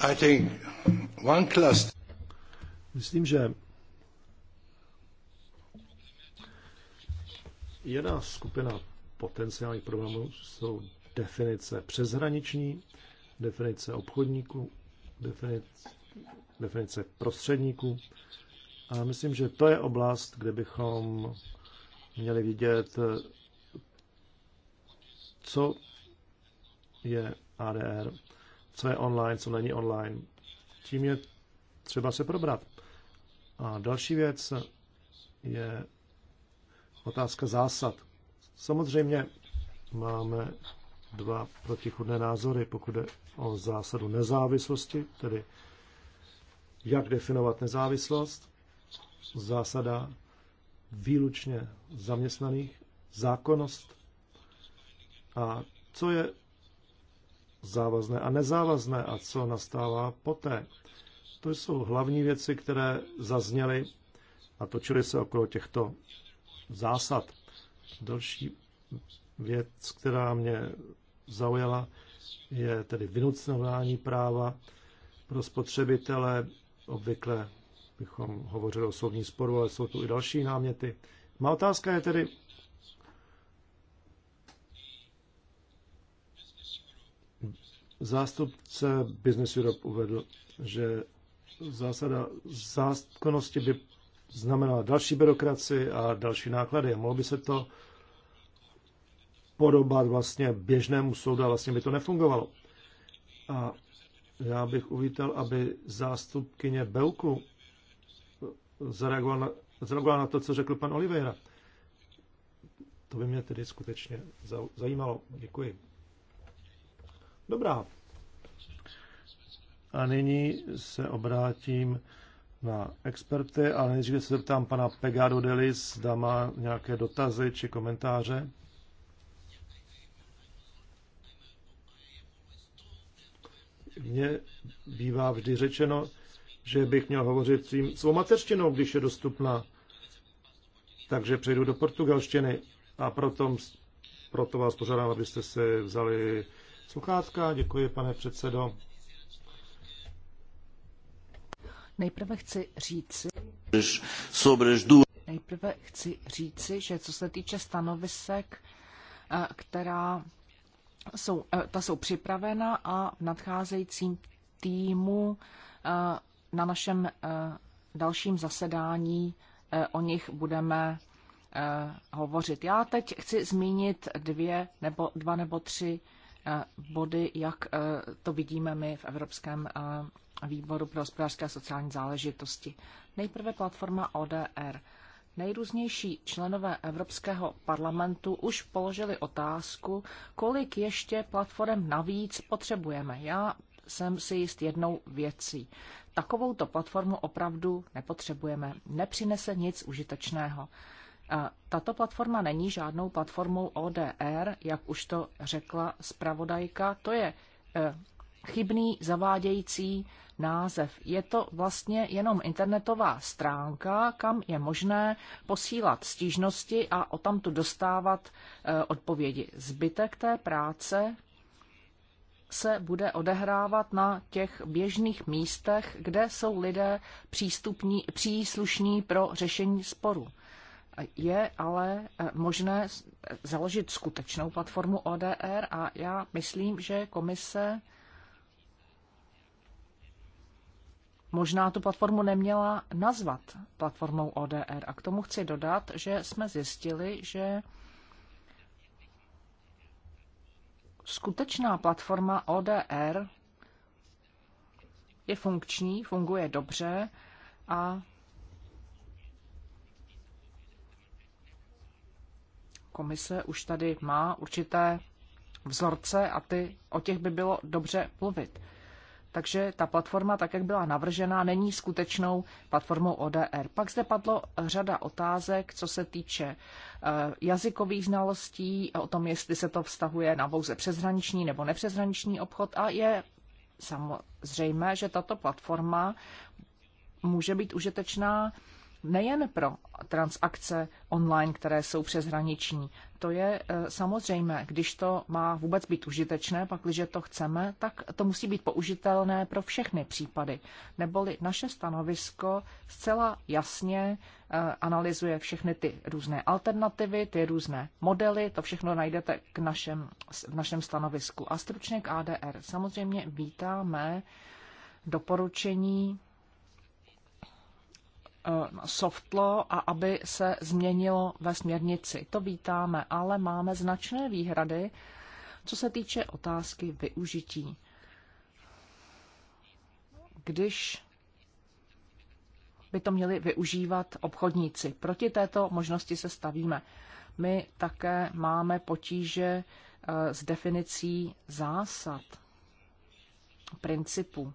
I think one cluster. Myslím, že Jedna skupina potenciálních problémů jsou definice přeshraniční, definice obchodníků, definice, definice prostředníků. A myslím, že to je oblast, kde bychom měli vidět, co je ADR, co je online, co není online. Tím je třeba se probrat. A další věc je otázka zásad. Samozřejmě máme dva protichudné názory, pokud je o zásadu nezávislosti, tedy jak definovat nezávislost, zásada výlučně zaměstnaných, zákonnost a co je závazné a nezávazné a co nastává poté. To jsou hlavní věci, které zazněly a točily se okolo těchto zásad. Další věc, která mě zaujala, je tedy vynucování práva pro spotřebitele. Obvykle bychom hovořili o soudní sporu, ale jsou tu i další náměty. Má otázka je tedy, zástupce Business Europe uvedl, že zásada zákonnosti by znamenalo další byrokraci a další náklady. A mohlo by se to podobat vlastně běžnému soudu a vlastně by to nefungovalo. A já bych uvítal, aby zástupkyně Belku zareagovala na, zareagoval na to, co řekl pan Oliveira. To by mě tedy skutečně zajímalo. Děkuji. Dobrá. A nyní se obrátím na experty, ale než se zeptám pana Pegado Delis, zda má nějaké dotazy či komentáře. Mně bývá vždy řečeno, že bych měl hovořit svým, svou mateřštinou, když je dostupná. Takže přejdu do portugalštiny a proto, proto vás požádám, abyste se vzali sluchátka. Děkuji, pane předsedo. Nejprve chci říci, nejprve chci říci, že co se týče stanovisek, eh, která jsou, eh, ta jsou připravena a v nadcházejícím týmu eh, na našem dalším zasedání o nich budeme hovořit. Já teď chci zmínit dvě nebo dva nebo tři body, jak to vidíme my v Evropském výboru pro hospodářské a sociální záležitosti. Nejprve platforma ODR. Nejrůznější členové Evropského parlamentu už položili otázku, kolik ještě platform navíc potřebujeme. Já jsem si jist jednou věcí. Takovouto platformu opravdu nepotřebujeme. Nepřinese nic užitečného. Tato platforma není žádnou platformou ODR, jak už to řekla zpravodajka. To je eh, chybný, zavádějící název. Je to vlastně jenom internetová stránka, kam je možné posílat stížnosti a o tamto dostávat e, odpovědi. Zbytek té práce se bude odehrávat na těch běžných místech, kde jsou lidé přístupní, příslušní pro řešení sporu. Je ale eh, možné eh, založit skutečnou platformu ODR a já myslím, že komise možná tu platformu neměla nazvat platformou ODR. A k tomu chci dodat, že jsme zjistili, že skutečná platforma ODR je funkční, funguje dobře a komise už tady má určité vzorce a ty, o těch by bylo dobře mluvit. Takže ta platforma, tak jak byla navržena, není skutečnou platformou ODR. Pak zde padlo řada otázek, co se týče eh, jazykových znalostí, o tom, jestli se to vztahuje na pouze přeshraniční nebo nepřeshraniční obchod a je samozřejmě, že tato platforma může být užitečná nejen pro transakce online, které jsou přeshraniční. To je eh, samozřejmé, když to má vůbec být užitečné, pak když to chceme, tak to musí být použitelné pro všechny případy. Neboli naše stanovisko zcela jasně eh, analyzuje všechny ty různé alternativy, ty různé modely, to všechno najdete k našem, v našem stanovisku. A stručně k ADR. Samozřejmě vítáme doporučení Eh, soft law a aby se změnilo ve směrnici. To vítáme, ale máme značné výhrady, co se týče otázky využití. Když by to měli využívat obchodníci. Proti této možnosti se stavíme. My také máme potíže eh, s definicí zásad, principů.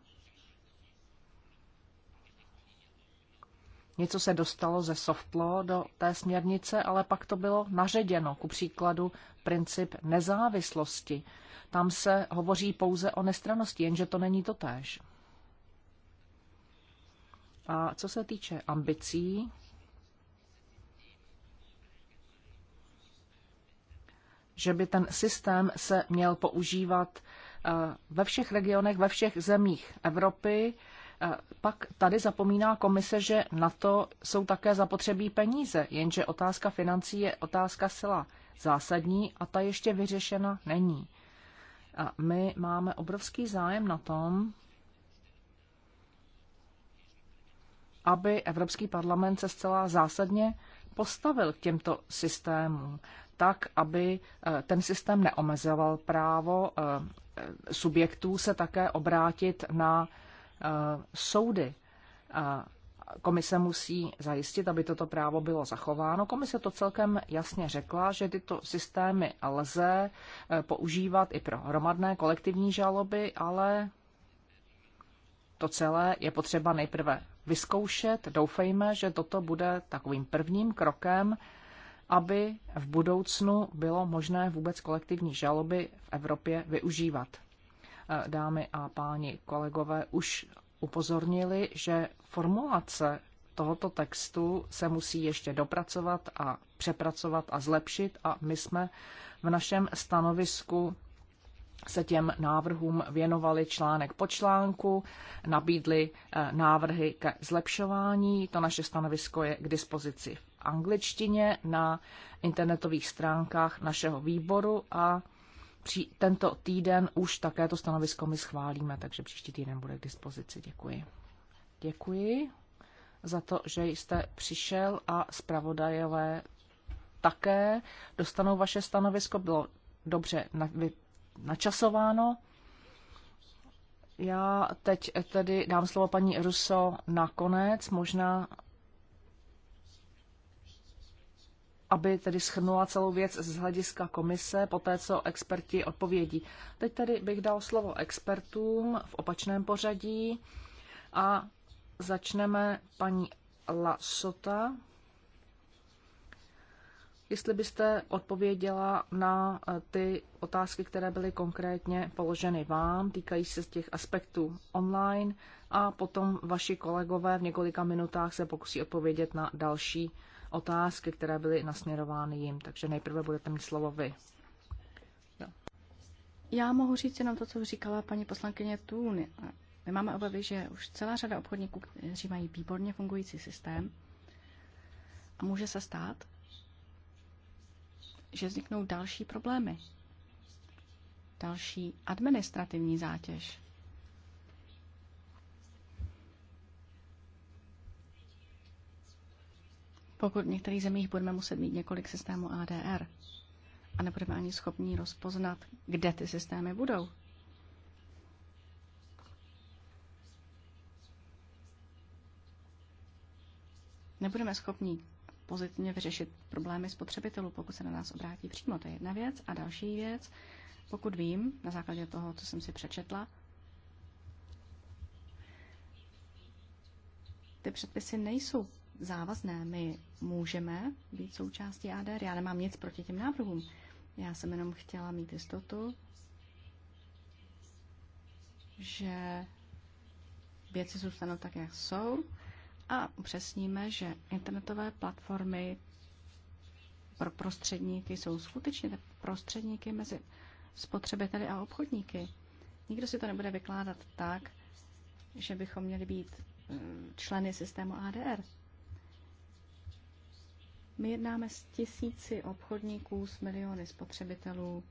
Něco se dostalo ze softlo do té směrnice, ale pak to bylo naředěno. Ku příkladu princip nezávislosti. Tam se hovoří pouze o nestranosti, jenže to není to též. A co se týče ambicí, že by ten systém se měl používat eh, ve všech regionech, ve všech zemích Evropy, pak tady zapomíná komise, že na to jsou také zapotřebí peníze, jenže otázka financí je otázka sila zásadní a ta ještě vyřešena není. A my máme obrovský zájem na tom, aby Evropský parlament se zcela zásadně postavil k těmto systémům, tak, aby eh, ten systém neomezoval právo eh, eh, subjektů se také obrátit na Eh, soudy. Eh, komise musí zajistit, aby toto právo bylo zachováno. Komise to celkem jasně řekla, že tyto systémy lze eh, používat i pro hromadné kolektivní žaloby, ale to celé je potřeba nejprve vyzkoušet. Doufejme, že toto bude takovým prvním krokem, aby v budoucnu bylo možné vůbec kolektivní žaloby v Evropě využívat. Eh, dámy a páni kolegové už upozornili, že formulace tohoto textu se musí ještě dopracovat a přepracovat a zlepšit a my jsme v našem stanovisku se těm návrhům věnovali článek po článku, nabídli eh, návrhy ke zlepšování. To naše stanovisko je k dispozici v angličtině na internetových stránkách našeho výboru a Pří, tento týden už také to stanovisko my schválíme, takže příští týden bude k dispozici. Děkuji. Děkuji za to, že jste přišel a zpravodajové také dostanou vaše stanovisko. Bylo dobře na, vy, načasováno. Já teď tedy dám slovo paní Ruso nakonec. Možná aby tedy schrnula celou věc z hlediska komise, po té, co experti odpovědí. Teď tedy bych dal slovo expertům v opačném pořadí a začneme paní Lasota. Jestli byste odpověděla na eh, ty otázky, které byly konkrétně položeny vám, týkají se těch aspektů online a potom vaši kolegové v několika minutách se pokusí odpovědět na další otázky otázky, které byly nasměrovány jim. Takže nejprve budete mít slovo vy. Jo. Já mohu říct jenom to, co říkala paní poslankyně Tůn. My máme obavy, že už celá řada obchodníků, kteří mají výborně fungující systém, a může se stát, že vzniknou další problémy, další administrativní zátěž pokud v některých zemích budeme muset mít několik systémů ADR a nebudeme ani schopni rozpoznat, kde ty systémy budou. Nebudeme schopni pozitivně vyřešit problémy spotřebitelů, pokud se na nás obrátí přímo. To je jedna věc. A další věc, pokud vím, na základě toho, co jsem si přečetla, ty předpisy nejsou závazné. My můžeme být součástí ADR. Já nemám nic proti těm návrhům. Já jsem jenom chtěla mít jistotu, že věci zůstanou tak, jak jsou a upřesníme, že internetové platformy pro prostředníky jsou skutečně prostředníky mezi spotřebiteli a obchodníky. Nikdo si to nebude vykládat tak, že bychom měli být eh, členy systému ADR. My jednáme s tisíci obchodníků, s miliony spotřebitelů.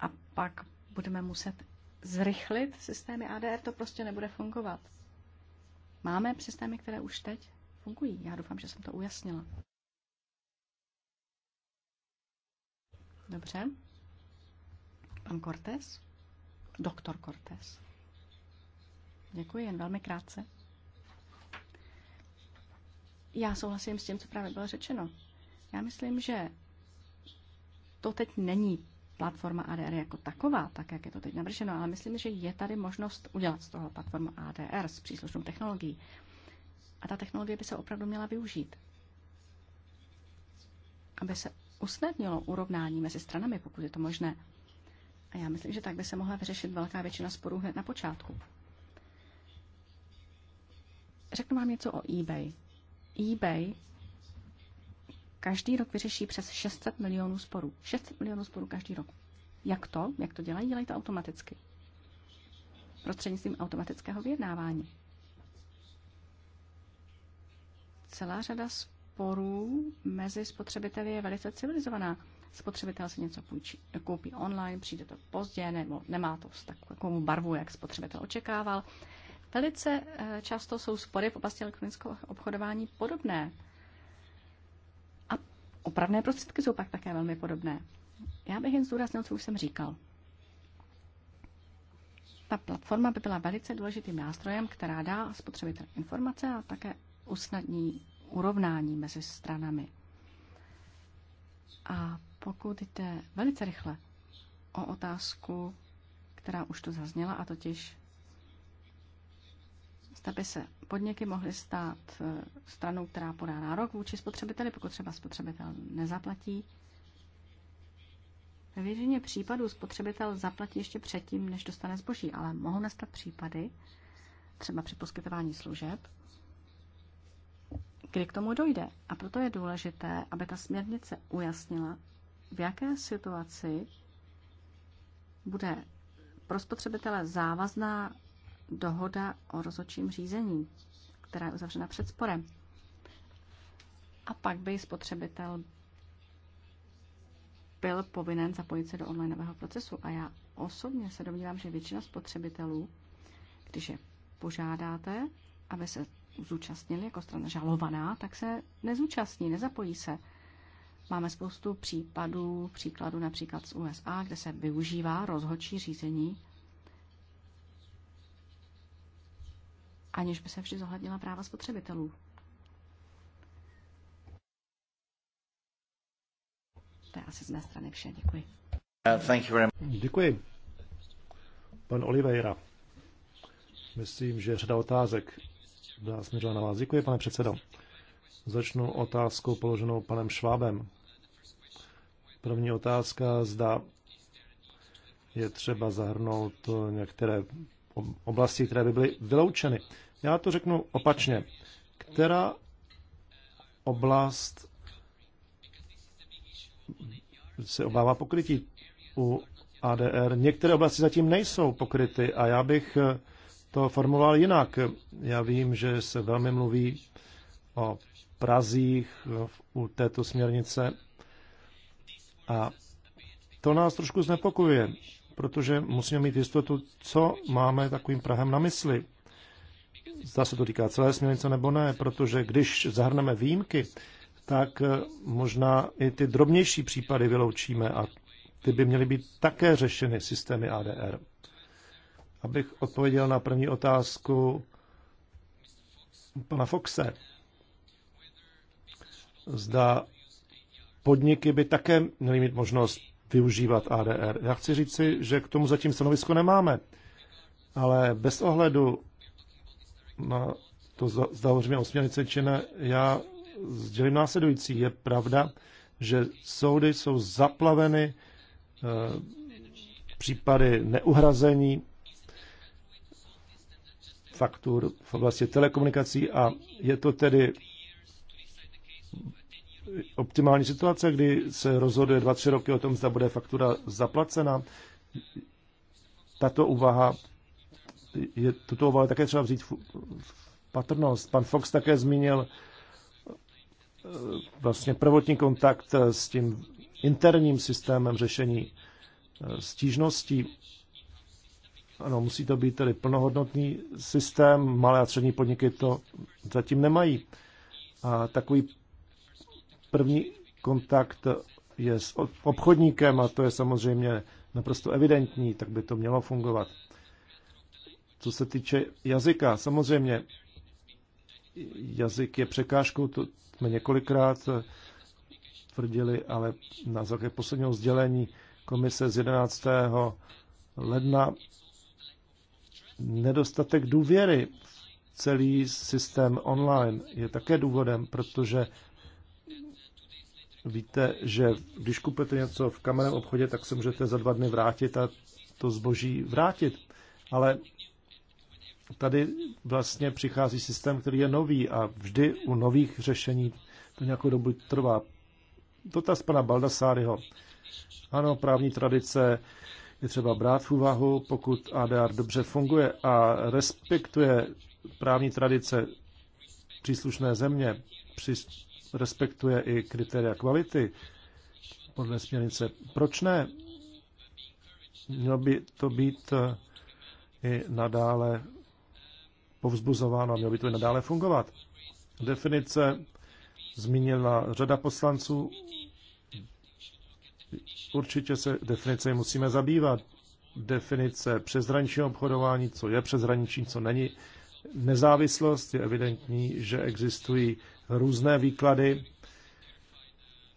A pak budeme muset zrychlit systémy ADR, to prostě nebude fungovat. Máme systémy, které už teď fungují. Já doufám, že jsem to ujasnila. Dobře. Pan Cortés? Doktor Cortés. Děkuji, jen velmi krátce. Já souhlasím s tím, co právě bylo řečeno. Já myslím, že to teď není platforma ADR jako taková, tak jak je to teď navrženo, ale myslím, že je tady možnost udělat z toho platformu ADR s příslušnou technologií. A ta technologie by se opravdu měla využít, aby se usnadnilo urovnání mezi stranami, pokud je to možné. A já myslím, že tak by se mohla vyřešit velká většina sporů hned na počátku. Řeknu vám něco o eBay eBay každý rok vyřeší přes 600 milionů sporů. 600 milionů sporů každý rok. Jak to? Jak to dělají? Dělají to automaticky. Prostřednictvím automatického vyjednávání. Celá řada sporů mezi spotřebiteli je velice civilizovaná. Spotřebitel si něco půjčí, koupí online, přijde to pozdě, nebo nemá to s takovou barvu, jak spotřebitel očekával. Velice eh, často jsou spory v oblasti elektronického obchodování podobné. A opravné prostředky jsou pak také velmi podobné. Já bych jen zdůraznil, co už jsem říkal. Ta platforma by byla velice důležitým nástrojem, která dá spotřebitel informace a také usnadní urovnání mezi stranami. A pokud jde velice rychle o otázku, která už tu zazněla, a totiž zda by se podniky mohly stát eh, stranou, která podá nárok vůči spotřebiteli, pokud třeba spotřebitel nezaplatí. Ve většině případů spotřebitel zaplatí ještě předtím, než dostane zboží, ale mohou nastat případy, třeba při poskytování služeb, kdy k tomu dojde. A proto je důležité, aby ta směrnice ujasnila, v jaké situaci bude pro spotřebitele závazná dohoda o rozhodčím řízení, která je uzavřena před sporem. A pak by spotřebitel byl povinen zapojit se do onlineového procesu. A já osobně se domnívám, že většina spotřebitelů, když je požádáte, aby se zúčastnili jako strana žalovaná, tak se nezúčastní, nezapojí se. Máme spoustu případů, příkladů například z USA, kde se využívá rozhodčí řízení aniž by se vždy zohlednila práva spotřebitelů. To je asi z mé strany vše. Děkuji. Uh, Děkuji. Pan Oliveira. Myslím, že řada otázek byla směřena na vás. Děkuji, pane předsedo. Začnu otázkou položenou panem Švábem. První otázka, zda je třeba zahrnout některé oblasti, které by byly vyloučeny. Já to řeknu opačně. Která oblast se obává pokrytí u ADR? Některé oblasti zatím nejsou pokryty a já bych eh, to formuloval jinak. Já vím, že se velmi mluví o Prazích eh, u této směrnice a to nás trošku znepokojuje, protože musíme mít jistotu, co máme takovým Prahem na mysli. Zda se to týká celé směrnice nebo ne, protože když zahrneme výjimky, tak eh, možná i ty drobnější případy vyloučíme a ty by měly být také řešeny systémy ADR. Abych odpověděl na první otázku pana Foxe. Zda podniky by také měly mít možnost využívat ADR. Já chci říci, že k tomu zatím stanovisko nemáme, ale bez ohledu na to, zda hovoříme o či ne, já sdělím následující. Je pravda, že soudy jsou zaplaveny eh, případy neuhrazení faktur v oblasti telekomunikací a je to tedy optimální situace, kdy se rozhoduje dva, tři roky o tom, zda bude faktura zaplacena. Tato uvaha je, tuto uvahu také třeba vzít v patrnost. Pan Fox také zmínil eh, vlastně prvotní kontakt eh, s tím interním systémem řešení eh, stížností. Ano, musí to být tedy plnohodnotný systém, malé a střední podniky to zatím nemají. A takový První kontakt je s obchodníkem a to je samozřejmě naprosto evidentní, tak by to mělo fungovat. Co se týče jazyka, samozřejmě jazyk je překážkou, to jsme několikrát eh, tvrdili, ale na základě posledního sdělení komise z 11. ledna nedostatek důvěry v celý systém online je také důvodem, protože víte, že když kupujete něco v kamenném obchodě, tak se můžete za dva dny vrátit a to zboží vrátit. Ale tady vlastně přichází systém, který je nový a vždy u nových řešení to nějakou dobu trvá. Dotaz pana Baldasáryho. Ano, právní tradice je třeba brát v úvahu, pokud ADR dobře funguje a respektuje právní tradice příslušné země při respektuje i kritéria kvality podle směrnice. Proč ne? Mělo by to být eh, i nadále povzbuzováno a mělo by to i nadále fungovat. Definice zmínila řada poslanců. Určitě se definice musíme zabývat. Definice přeshraničního obchodování, co je přeshraniční, co není nezávislost. Je evidentní, že existují různé výklady,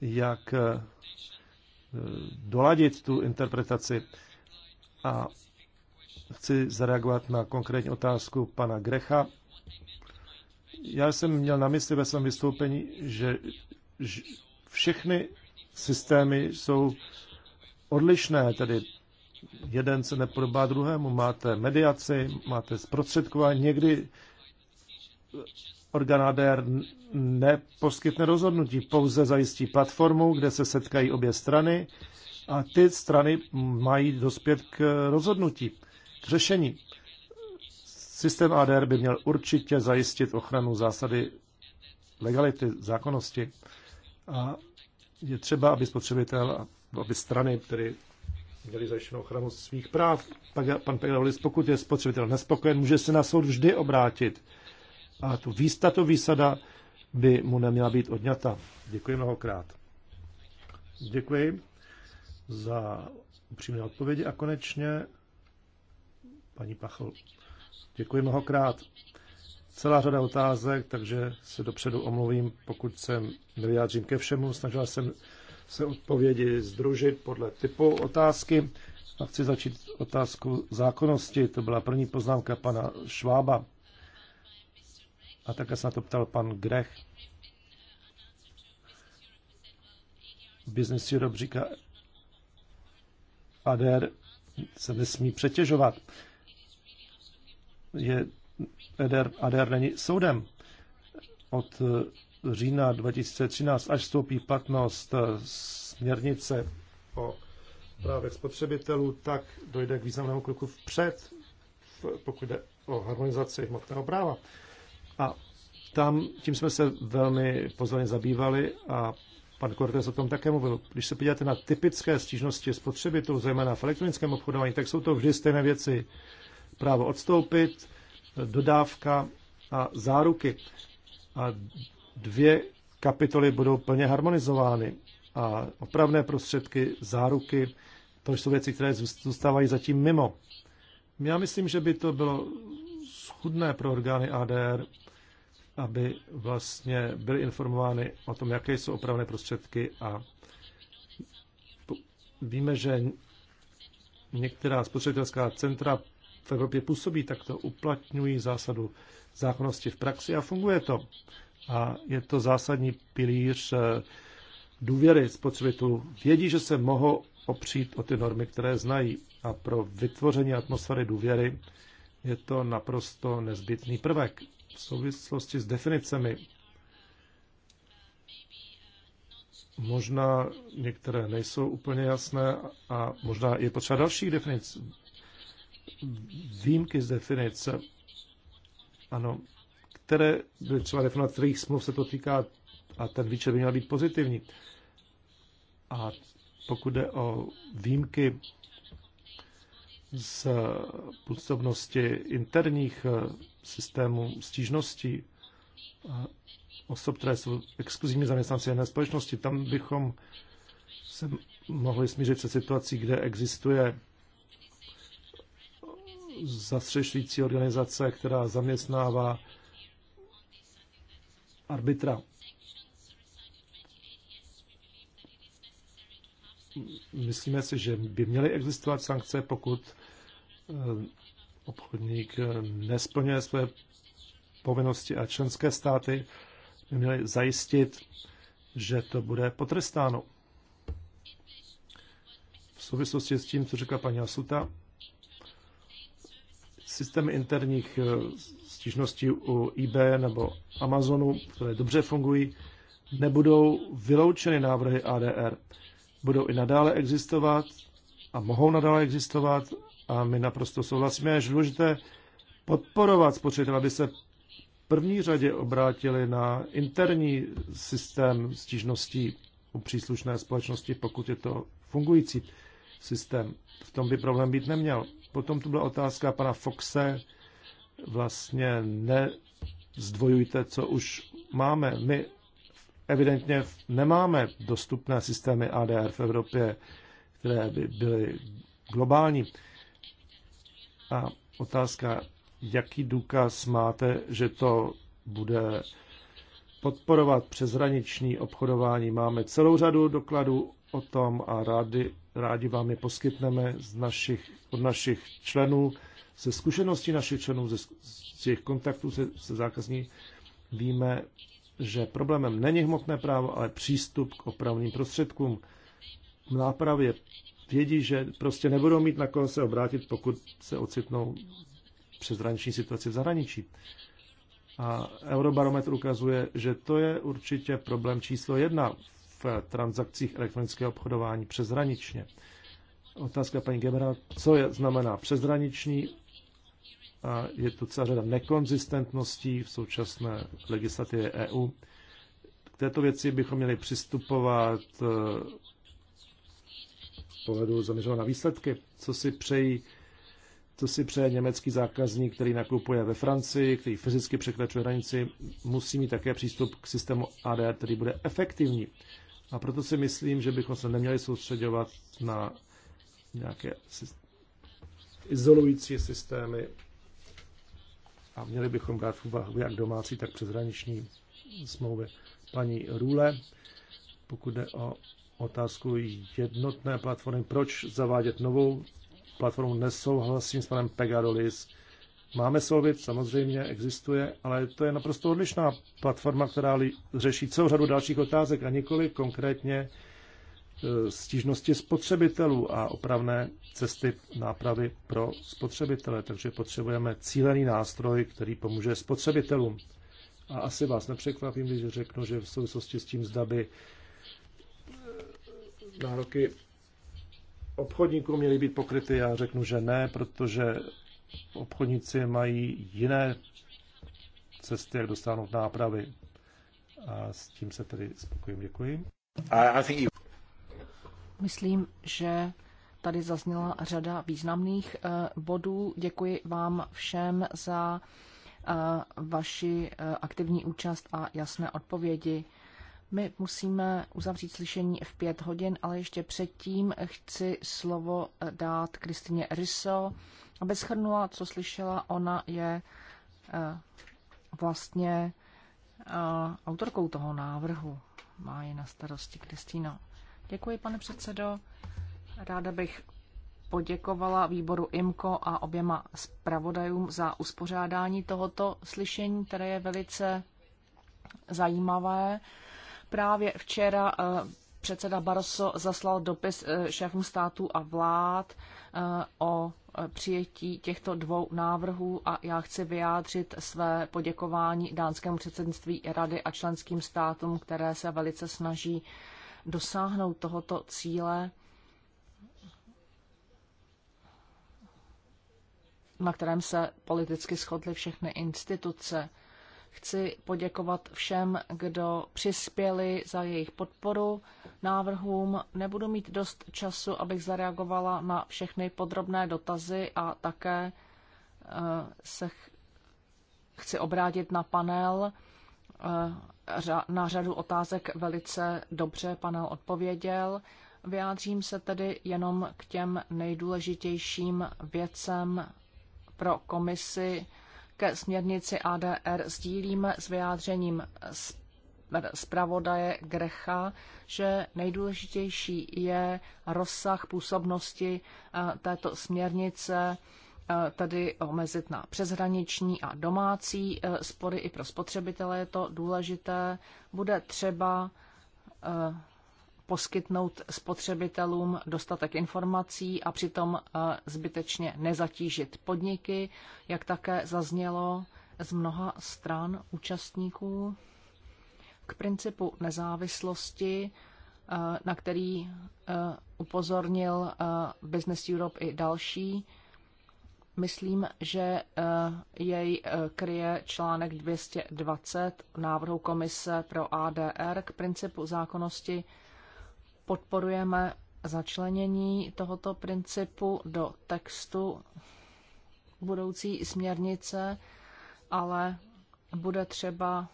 jak eh, doladit tu interpretaci. A chci zareagovat na konkrétní otázku pana Grecha. Já jsem měl na mysli ve svém vystoupení, že všechny systémy jsou odlišné, tedy jeden se nepodobá druhému. Máte mediaci, máte zprostředkování, někdy orgán ADR neposkytne rozhodnutí, pouze zajistí platformu, kde se setkají obě strany a ty strany mají dospět k rozhodnutí, k řešení. Systém ADR by měl určitě zajistit ochranu zásady legality, zákonnosti a je třeba, aby spotřebitel, aby strany, které měli zajištěnou ochranu svých práv. Pak pan Pegalis, pokud je spotřebitel nespokojen, může se na soud vždy obrátit. A tu výstatu výsada by mu neměla být odňata. Děkuji mnohokrát. Děkuji za upřímné odpovědi a konečně paní Pachl. Děkuji mnohokrát. Celá řada otázek, takže se dopředu omluvím, pokud jsem nevyjádřím ke všemu. Snažila jsem se odpovědi združit podle typu otázky. A chci začít otázku zákonnosti. To byla první poznámka pana Švába. A také se na to ptal pan Grech. Business Europe říká, ADR se nesmí přetěžovat. Je, ADR, ADR není soudem. Od října 2013, až vstoupí platnost eh, směrnice o právech spotřebitelů, tak dojde k významnému kroku vpřed, pokud jde o harmonizaci hmotného práva. A tam, tím jsme se velmi pozorně zabývali a pan Cortés o tom také mluvil. Když se podíváte na typické stížnosti spotřebitelů, zejména v elektronickém obchodování, tak jsou to vždy stejné věci. Právo odstoupit, dodávka a záruky. A dvě kapitoly budou plně harmonizovány a opravné prostředky, záruky, to jsou věci, které zůstávají zatím mimo. Já myslím, že by to bylo schudné pro orgány ADR, aby vlastně byly informovány o tom, jaké jsou opravné prostředky a víme, že některá spotřebitelská centra v Evropě působí, tak to uplatňují zásadu zákonnosti v praxi a funguje to a je to zásadní pilíř eh, důvěry spotřebitelů. Vědí, že se mohou opřít o ty normy, které znají a pro vytvoření atmosféry důvěry je to naprosto nezbytný prvek v souvislosti s definicemi. Možná některé nejsou úplně jasné a možná je potřeba dalších definic. Výjimky z definice. Ano, které, třeba definovat kterých smluv se to týká a ten výčet by měl být pozitivní. A pokud jde o výjimky z působnosti interních eh, systémů stížností eh, osob, které jsou exkluzivní zaměstnanci jedné společnosti, tam bychom se mohli smířit se situací, kde existuje zastřešující organizace, která zaměstnává arbitra. Myslíme si, že by měly existovat sankce, pokud eh, obchodník eh, nesplňuje své povinnosti a členské státy by měly zajistit, že to bude potrestáno. V souvislosti s tím, co řekla paní Asuta, systém interních eh, stížnosti u eBay nebo Amazonu, které dobře fungují, nebudou vyloučeny návrhy ADR. Budou i nadále existovat a mohou nadále existovat a my naprosto souhlasíme, že důležité podporovat spotřebitele, aby se v první řadě obrátili na interní systém stížností u příslušné společnosti, pokud je to fungující systém. V tom by problém být neměl. Potom tu byla otázka pana Foxe vlastně nezdvojujte, co už máme. My evidentně nemáme dostupné systémy ADR v Evropě, které by byly globální. A otázka, jaký důkaz máte, že to bude podporovat přeshraniční obchodování. Máme celou řadu dokladů o tom a rádi, rádi vám je poskytneme z našich, od našich členů. Ze zkušenosti našich členů, ze, z těch kontaktů se, se zákazní, víme, že problémem není hmotné právo, ale přístup k opravným prostředkům. nápravě vědí, že prostě nebudou mít na koho se obrátit, pokud se ocitnou hraniční situaci v zahraničí. A Eurobarometr ukazuje, že to je určitě problém číslo jedna v transakcích elektronického obchodování přezhraničně. Otázka paní Gebera, co je, znamená přezhraniční? a je tu celá řada nekonzistentností v současné legislativě EU. K této věci bychom měli přistupovat eh, z pohledu zaměřovat na výsledky, co si přejí co si přeje německý zákazník, který nakupuje ve Francii, který fyzicky překračuje hranici, musí mít také přístup k systému ADR, který bude efektivní. A proto si myslím, že bychom se neměli soustředovat na nějaké izolující systémy a měli bychom brát v úvahu jak domácí, tak přeshraniční smlouvy. Paní Růle, pokud jde o otázku jednotné platformy, proč zavádět novou platformu, nesouhlasím s panem Pegadolis. Máme Solvit, samozřejmě existuje, ale to je naprosto odlišná platforma, která řeší celou řadu dalších otázek a nikoli konkrétně E, stížnosti spotřebitelů a opravné cesty nápravy pro spotřebitele. Takže potřebujeme cílený nástroj, který pomůže spotřebitelům. A asi vás nepřekvapím, když řeknu, že v souvislosti s tím zda by e, nároky obchodníků měly být pokryty. Já řeknu, že ne, protože obchodníci mají jiné cesty, jak dostanout nápravy. A s tím se tedy spokojím. Děkuji. I, I think you... Myslím, že tady zazněla řada významných eh, bodů. Děkuji vám všem za eh, vaši eh, aktivní účast a jasné odpovědi. My musíme uzavřít slyšení v pět hodin, ale ještě předtím chci slovo dát Kristině Ryso, aby schrnula, co slyšela. Ona je vlastně autorkou toho návrhu. Má ji na starosti Kristýna. Děkuji, pane předsedo. Ráda bych poděkovala výboru IMKO a oběma zpravodajům za uspořádání tohoto slyšení, které je velice zajímavé. Právě včera eh, předseda Barroso zaslal dopis eh, šéfům států a vlád eh, o přijetí těchto dvou návrhů a já chci vyjádřit své poděkování dánskému předsednictví Rady a členským státům, které se velice snaží dosáhnout tohoto cíle, na kterém se politicky shodly všechny instituce. Chci poděkovat všem, kdo přispěli za jejich podporu návrhům. Nebudu mít dost času, abych zareagovala na všechny podrobné dotazy a také eh, se chci obrátit na panel Eh, na řadu otázek velice dobře panel odpověděl. Vyjádřím se tedy jenom k těm nejdůležitějším věcem pro komisi ke směrnici ADR. Sdílíme s vyjádřením zpravodaje Grecha, že nejdůležitější je rozsah působnosti eh, této směrnice Eh, tedy omezit na přeshraniční a domácí eh, spory i pro spotřebitele je to důležité. Bude třeba eh, poskytnout spotřebitelům dostatek informací a přitom zbytečně nezatížit podniky, jak také zaznělo z mnoha stran účastníků. K principu nezávislosti, na který upozornil Business Europe i další, Myslím, že eh, jej eh, kryje článek 220 návrhu Komise pro ADR k principu zákonnosti. Podporujeme začlenění tohoto principu do textu budoucí směrnice, ale bude třeba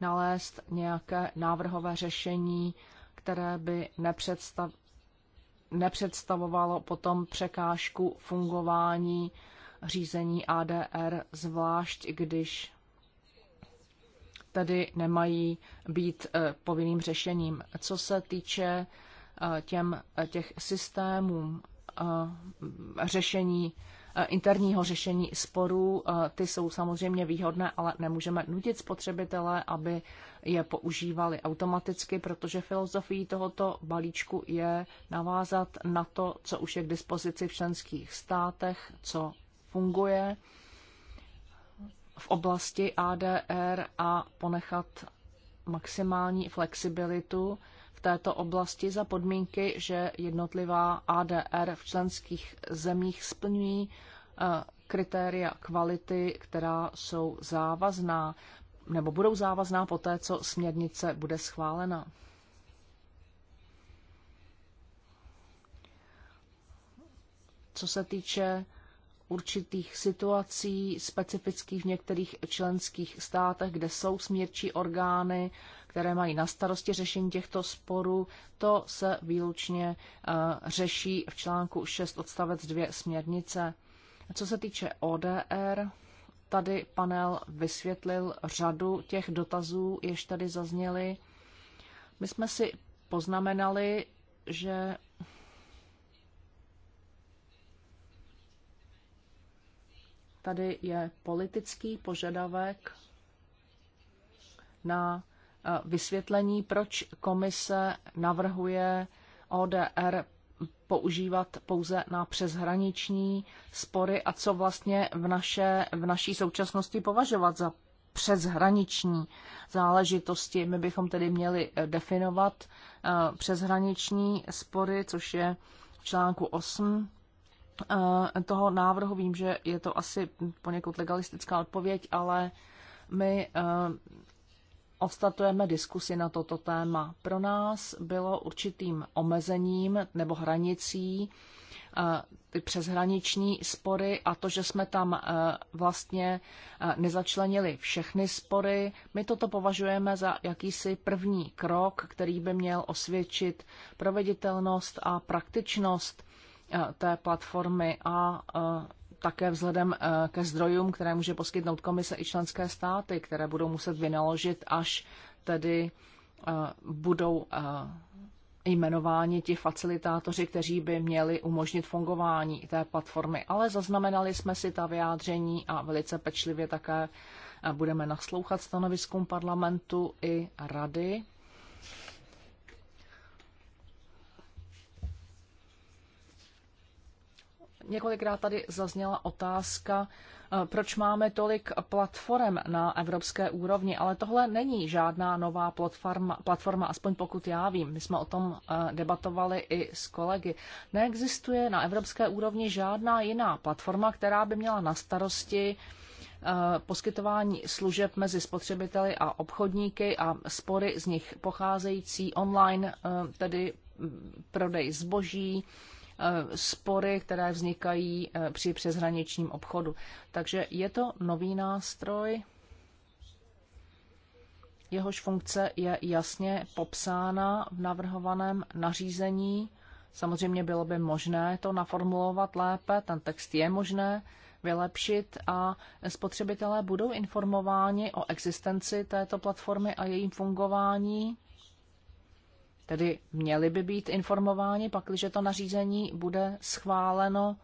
nalézt nějaké návrhové řešení, které by nepředstav, nepředstavovalo potom překážku fungování řízení ADR, zvlášť když tedy nemají být eh, povinným řešením. Co se týče eh, těm, eh, těch systémů řešení, interního řešení sporů, ty jsou samozřejmě výhodné, ale nemůžeme nutit spotřebitele, aby je používali automaticky, protože filozofií tohoto balíčku je navázat na to, co už je k dispozici v členských státech, co funguje v oblasti ADR a ponechat maximální flexibilitu v této oblasti za podmínky, že jednotlivá ADR v členských zemích splňují eh, kritéria kvality, která jsou závazná nebo budou závazná po té, co směrnice bude schválena. Co se týče určitých situací specifických v některých členských státech, kde jsou smírčí orgány, které mají na starosti řešení těchto sporů, to se výlučně uh, řeší v článku 6 odstavec 2 směrnice. Co se týče ODR, tady panel vysvětlil řadu těch dotazů, jež tady zazněly. My jsme si poznamenali, že tady je politický požadavek na eh, vysvětlení, proč komise navrhuje ODR používat pouze na přeshraniční spory a co vlastně v, naše, v naší současnosti považovat za přeshraniční záležitosti. My bychom tedy měli eh, definovat eh, přeshraniční spory, což je v článku 8 eh, toho návrhu. Vím, že je to asi poněkud legalistická odpověď, ale my ostatujeme diskusi na toto téma. Pro nás bylo určitým omezením nebo hranicí ty eh, přeshraniční spory a to, že jsme tam eh, vlastně eh, nezačlenili všechny spory. My toto považujeme za jakýsi první krok, který by měl osvědčit proveditelnost a praktičnost té platformy a také vzhledem eh, ke zdrojům, které může poskytnout komise i členské státy, které budou muset vynaložit, až tedy eh, budou eh, jmenováni ti facilitátoři, kteří by měli umožnit fungování té platformy. Ale zaznamenali jsme si ta vyjádření a velice pečlivě také budeme naslouchat stanoviskům parlamentu i rady Několikrát tady zazněla otázka, eh, proč máme tolik platform na evropské úrovni, ale tohle není žádná nová platforma, platforma aspoň pokud já vím. My jsme o tom eh, debatovali i s kolegy. Neexistuje na evropské úrovni žádná jiná platforma, která by měla na starosti eh, poskytování služeb mezi spotřebiteli a obchodníky a spory z nich pocházející online, tedy mm, prodej zboží, Eh, spory, které vznikají eh, při přeshraničním obchodu. Takže je to nový nástroj, jehož funkce je jasně popsána v navrhovaném nařízení. Samozřejmě bylo by možné to naformulovat lépe, ten text je možné vylepšit a spotřebitelé budou informováni o existenci této platformy a jejím fungování Tedy měli by být informováni, pakliže to nařízení bude schváleno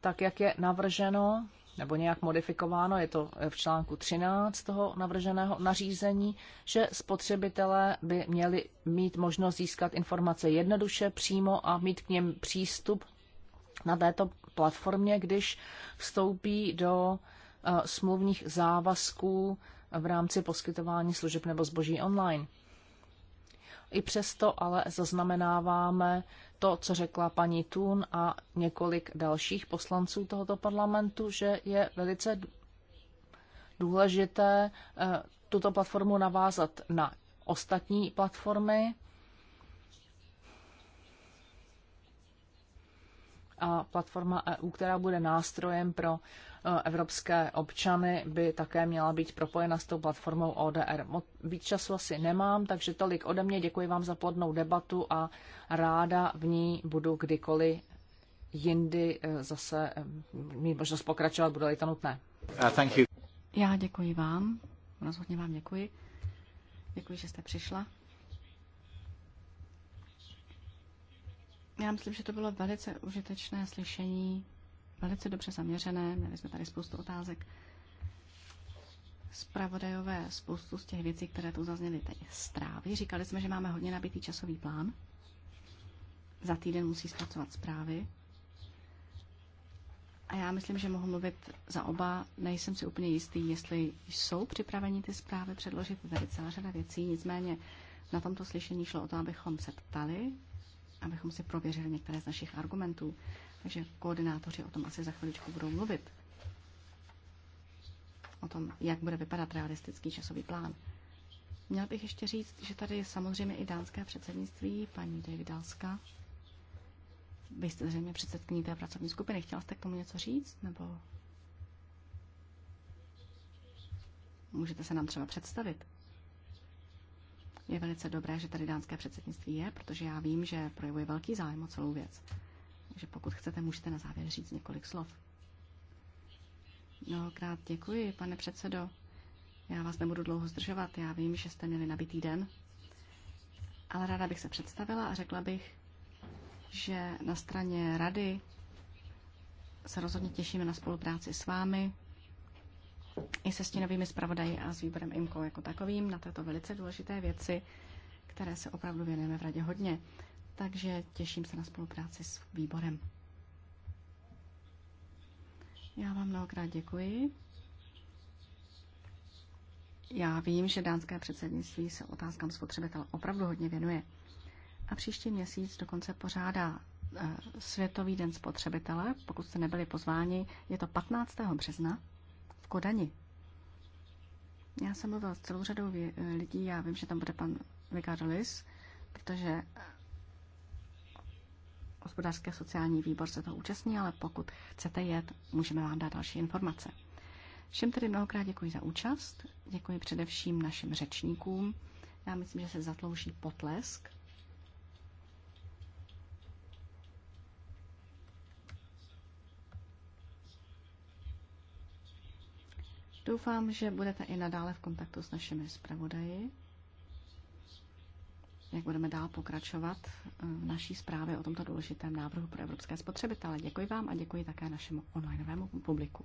tak, jak je navrženo, nebo nějak modifikováno, je to v článku 13 toho navrženého nařízení, že spotřebitelé by měli mít možnost získat informace jednoduše, přímo a mít k něm přístup na této platformě, když vstoupí do eh, smluvních závazků v rámci poskytování služeb nebo zboží online. I přesto ale zaznamenáváme to, co řekla paní Tun a několik dalších poslanců tohoto parlamentu, že je velice důležité eh, tuto platformu navázat na ostatní platformy a platforma EU, která bude nástrojem pro e, evropské občany, by také měla být propojena s tou platformou ODR. Víc času asi nemám, takže tolik ode mě. Děkuji vám za plodnou debatu a ráda v ní budu kdykoliv jindy e, zase e, mít možnost pokračovat, bude-li to nutné. Uh, thank you. Já děkuji vám, rozhodně vám děkuji. Děkuji, že jste přišla. Já myslím, že to bylo velice užitečné slyšení, velice dobře zaměřené, měli jsme tady spoustu otázek. zpravodajové, spoustu z těch věcí, které tu zazněly, teď zprávy. Říkali jsme, že máme hodně nabitý časový plán. Za týden musí zpracovat zprávy. A já myslím, že mohu mluvit za oba. Nejsem si úplně jistý, jestli jsou připraveni ty zprávy předložit. Tady celá řada věcí. Nicméně na tomto slyšení šlo o to, abychom se ptali abychom si prověřili některé z našich argumentů. Takže koordinátoři o tom asi za chviličku budou mluvit. O tom, jak bude vypadat realistický časový plán. Měl bych ještě říct, že tady je samozřejmě i dánské předsednictví, paní Davidalska. Vy jste zřejmě předsedkyní té pracovní skupiny. Chtěla jste k tomu něco říct? Nebo můžete se nám třeba představit? Je velice dobré, že tady dánské předsednictví je, protože já vím, že projevuje velký zájem o celou věc. Takže pokud chcete, můžete na závěr říct několik slov. Mnohokrát děkuji, pane předsedo. Já vás nebudu dlouho zdržovat, já vím, že jste měli nabitý den, ale ráda bych se představila a řekla bych, že na straně rady se rozhodně těšíme na spolupráci s vámi, i se stínovými zpravodaji a s výborem IMCO jako takovým na této velice důležité věci, které se opravdu věnujeme v radě hodně. Takže těším se na spolupráci s výborem. Já vám mnohokrát děkuji. Já vím, že dánské předsednictví se otázkám spotřebitel opravdu hodně věnuje. A příští měsíc dokonce pořádá eh, Světový den spotřebitele. Pokud jste nebyli pozváni, je to 15. března. Kodani. Já jsem mluvil s celou řadou lidí, já vím, že tam bude pan Vigarolis, protože eh, hospodářský a sociální výbor se toho účastní, ale pokud chcete jet, můžeme vám dát další informace. Všem tedy mnohokrát děkuji za účast, děkuji především našim řečníkům. Já myslím, že se zatlouží potlesk. Doufám, že budete i nadále v kontaktu s našimi zpravodaji, jak budeme dál pokračovat eh, v naší zprávě o tomto důležitém návrhu pro evropské spotřebitele. Děkuji vám a děkuji také našemu onlineovému publiku.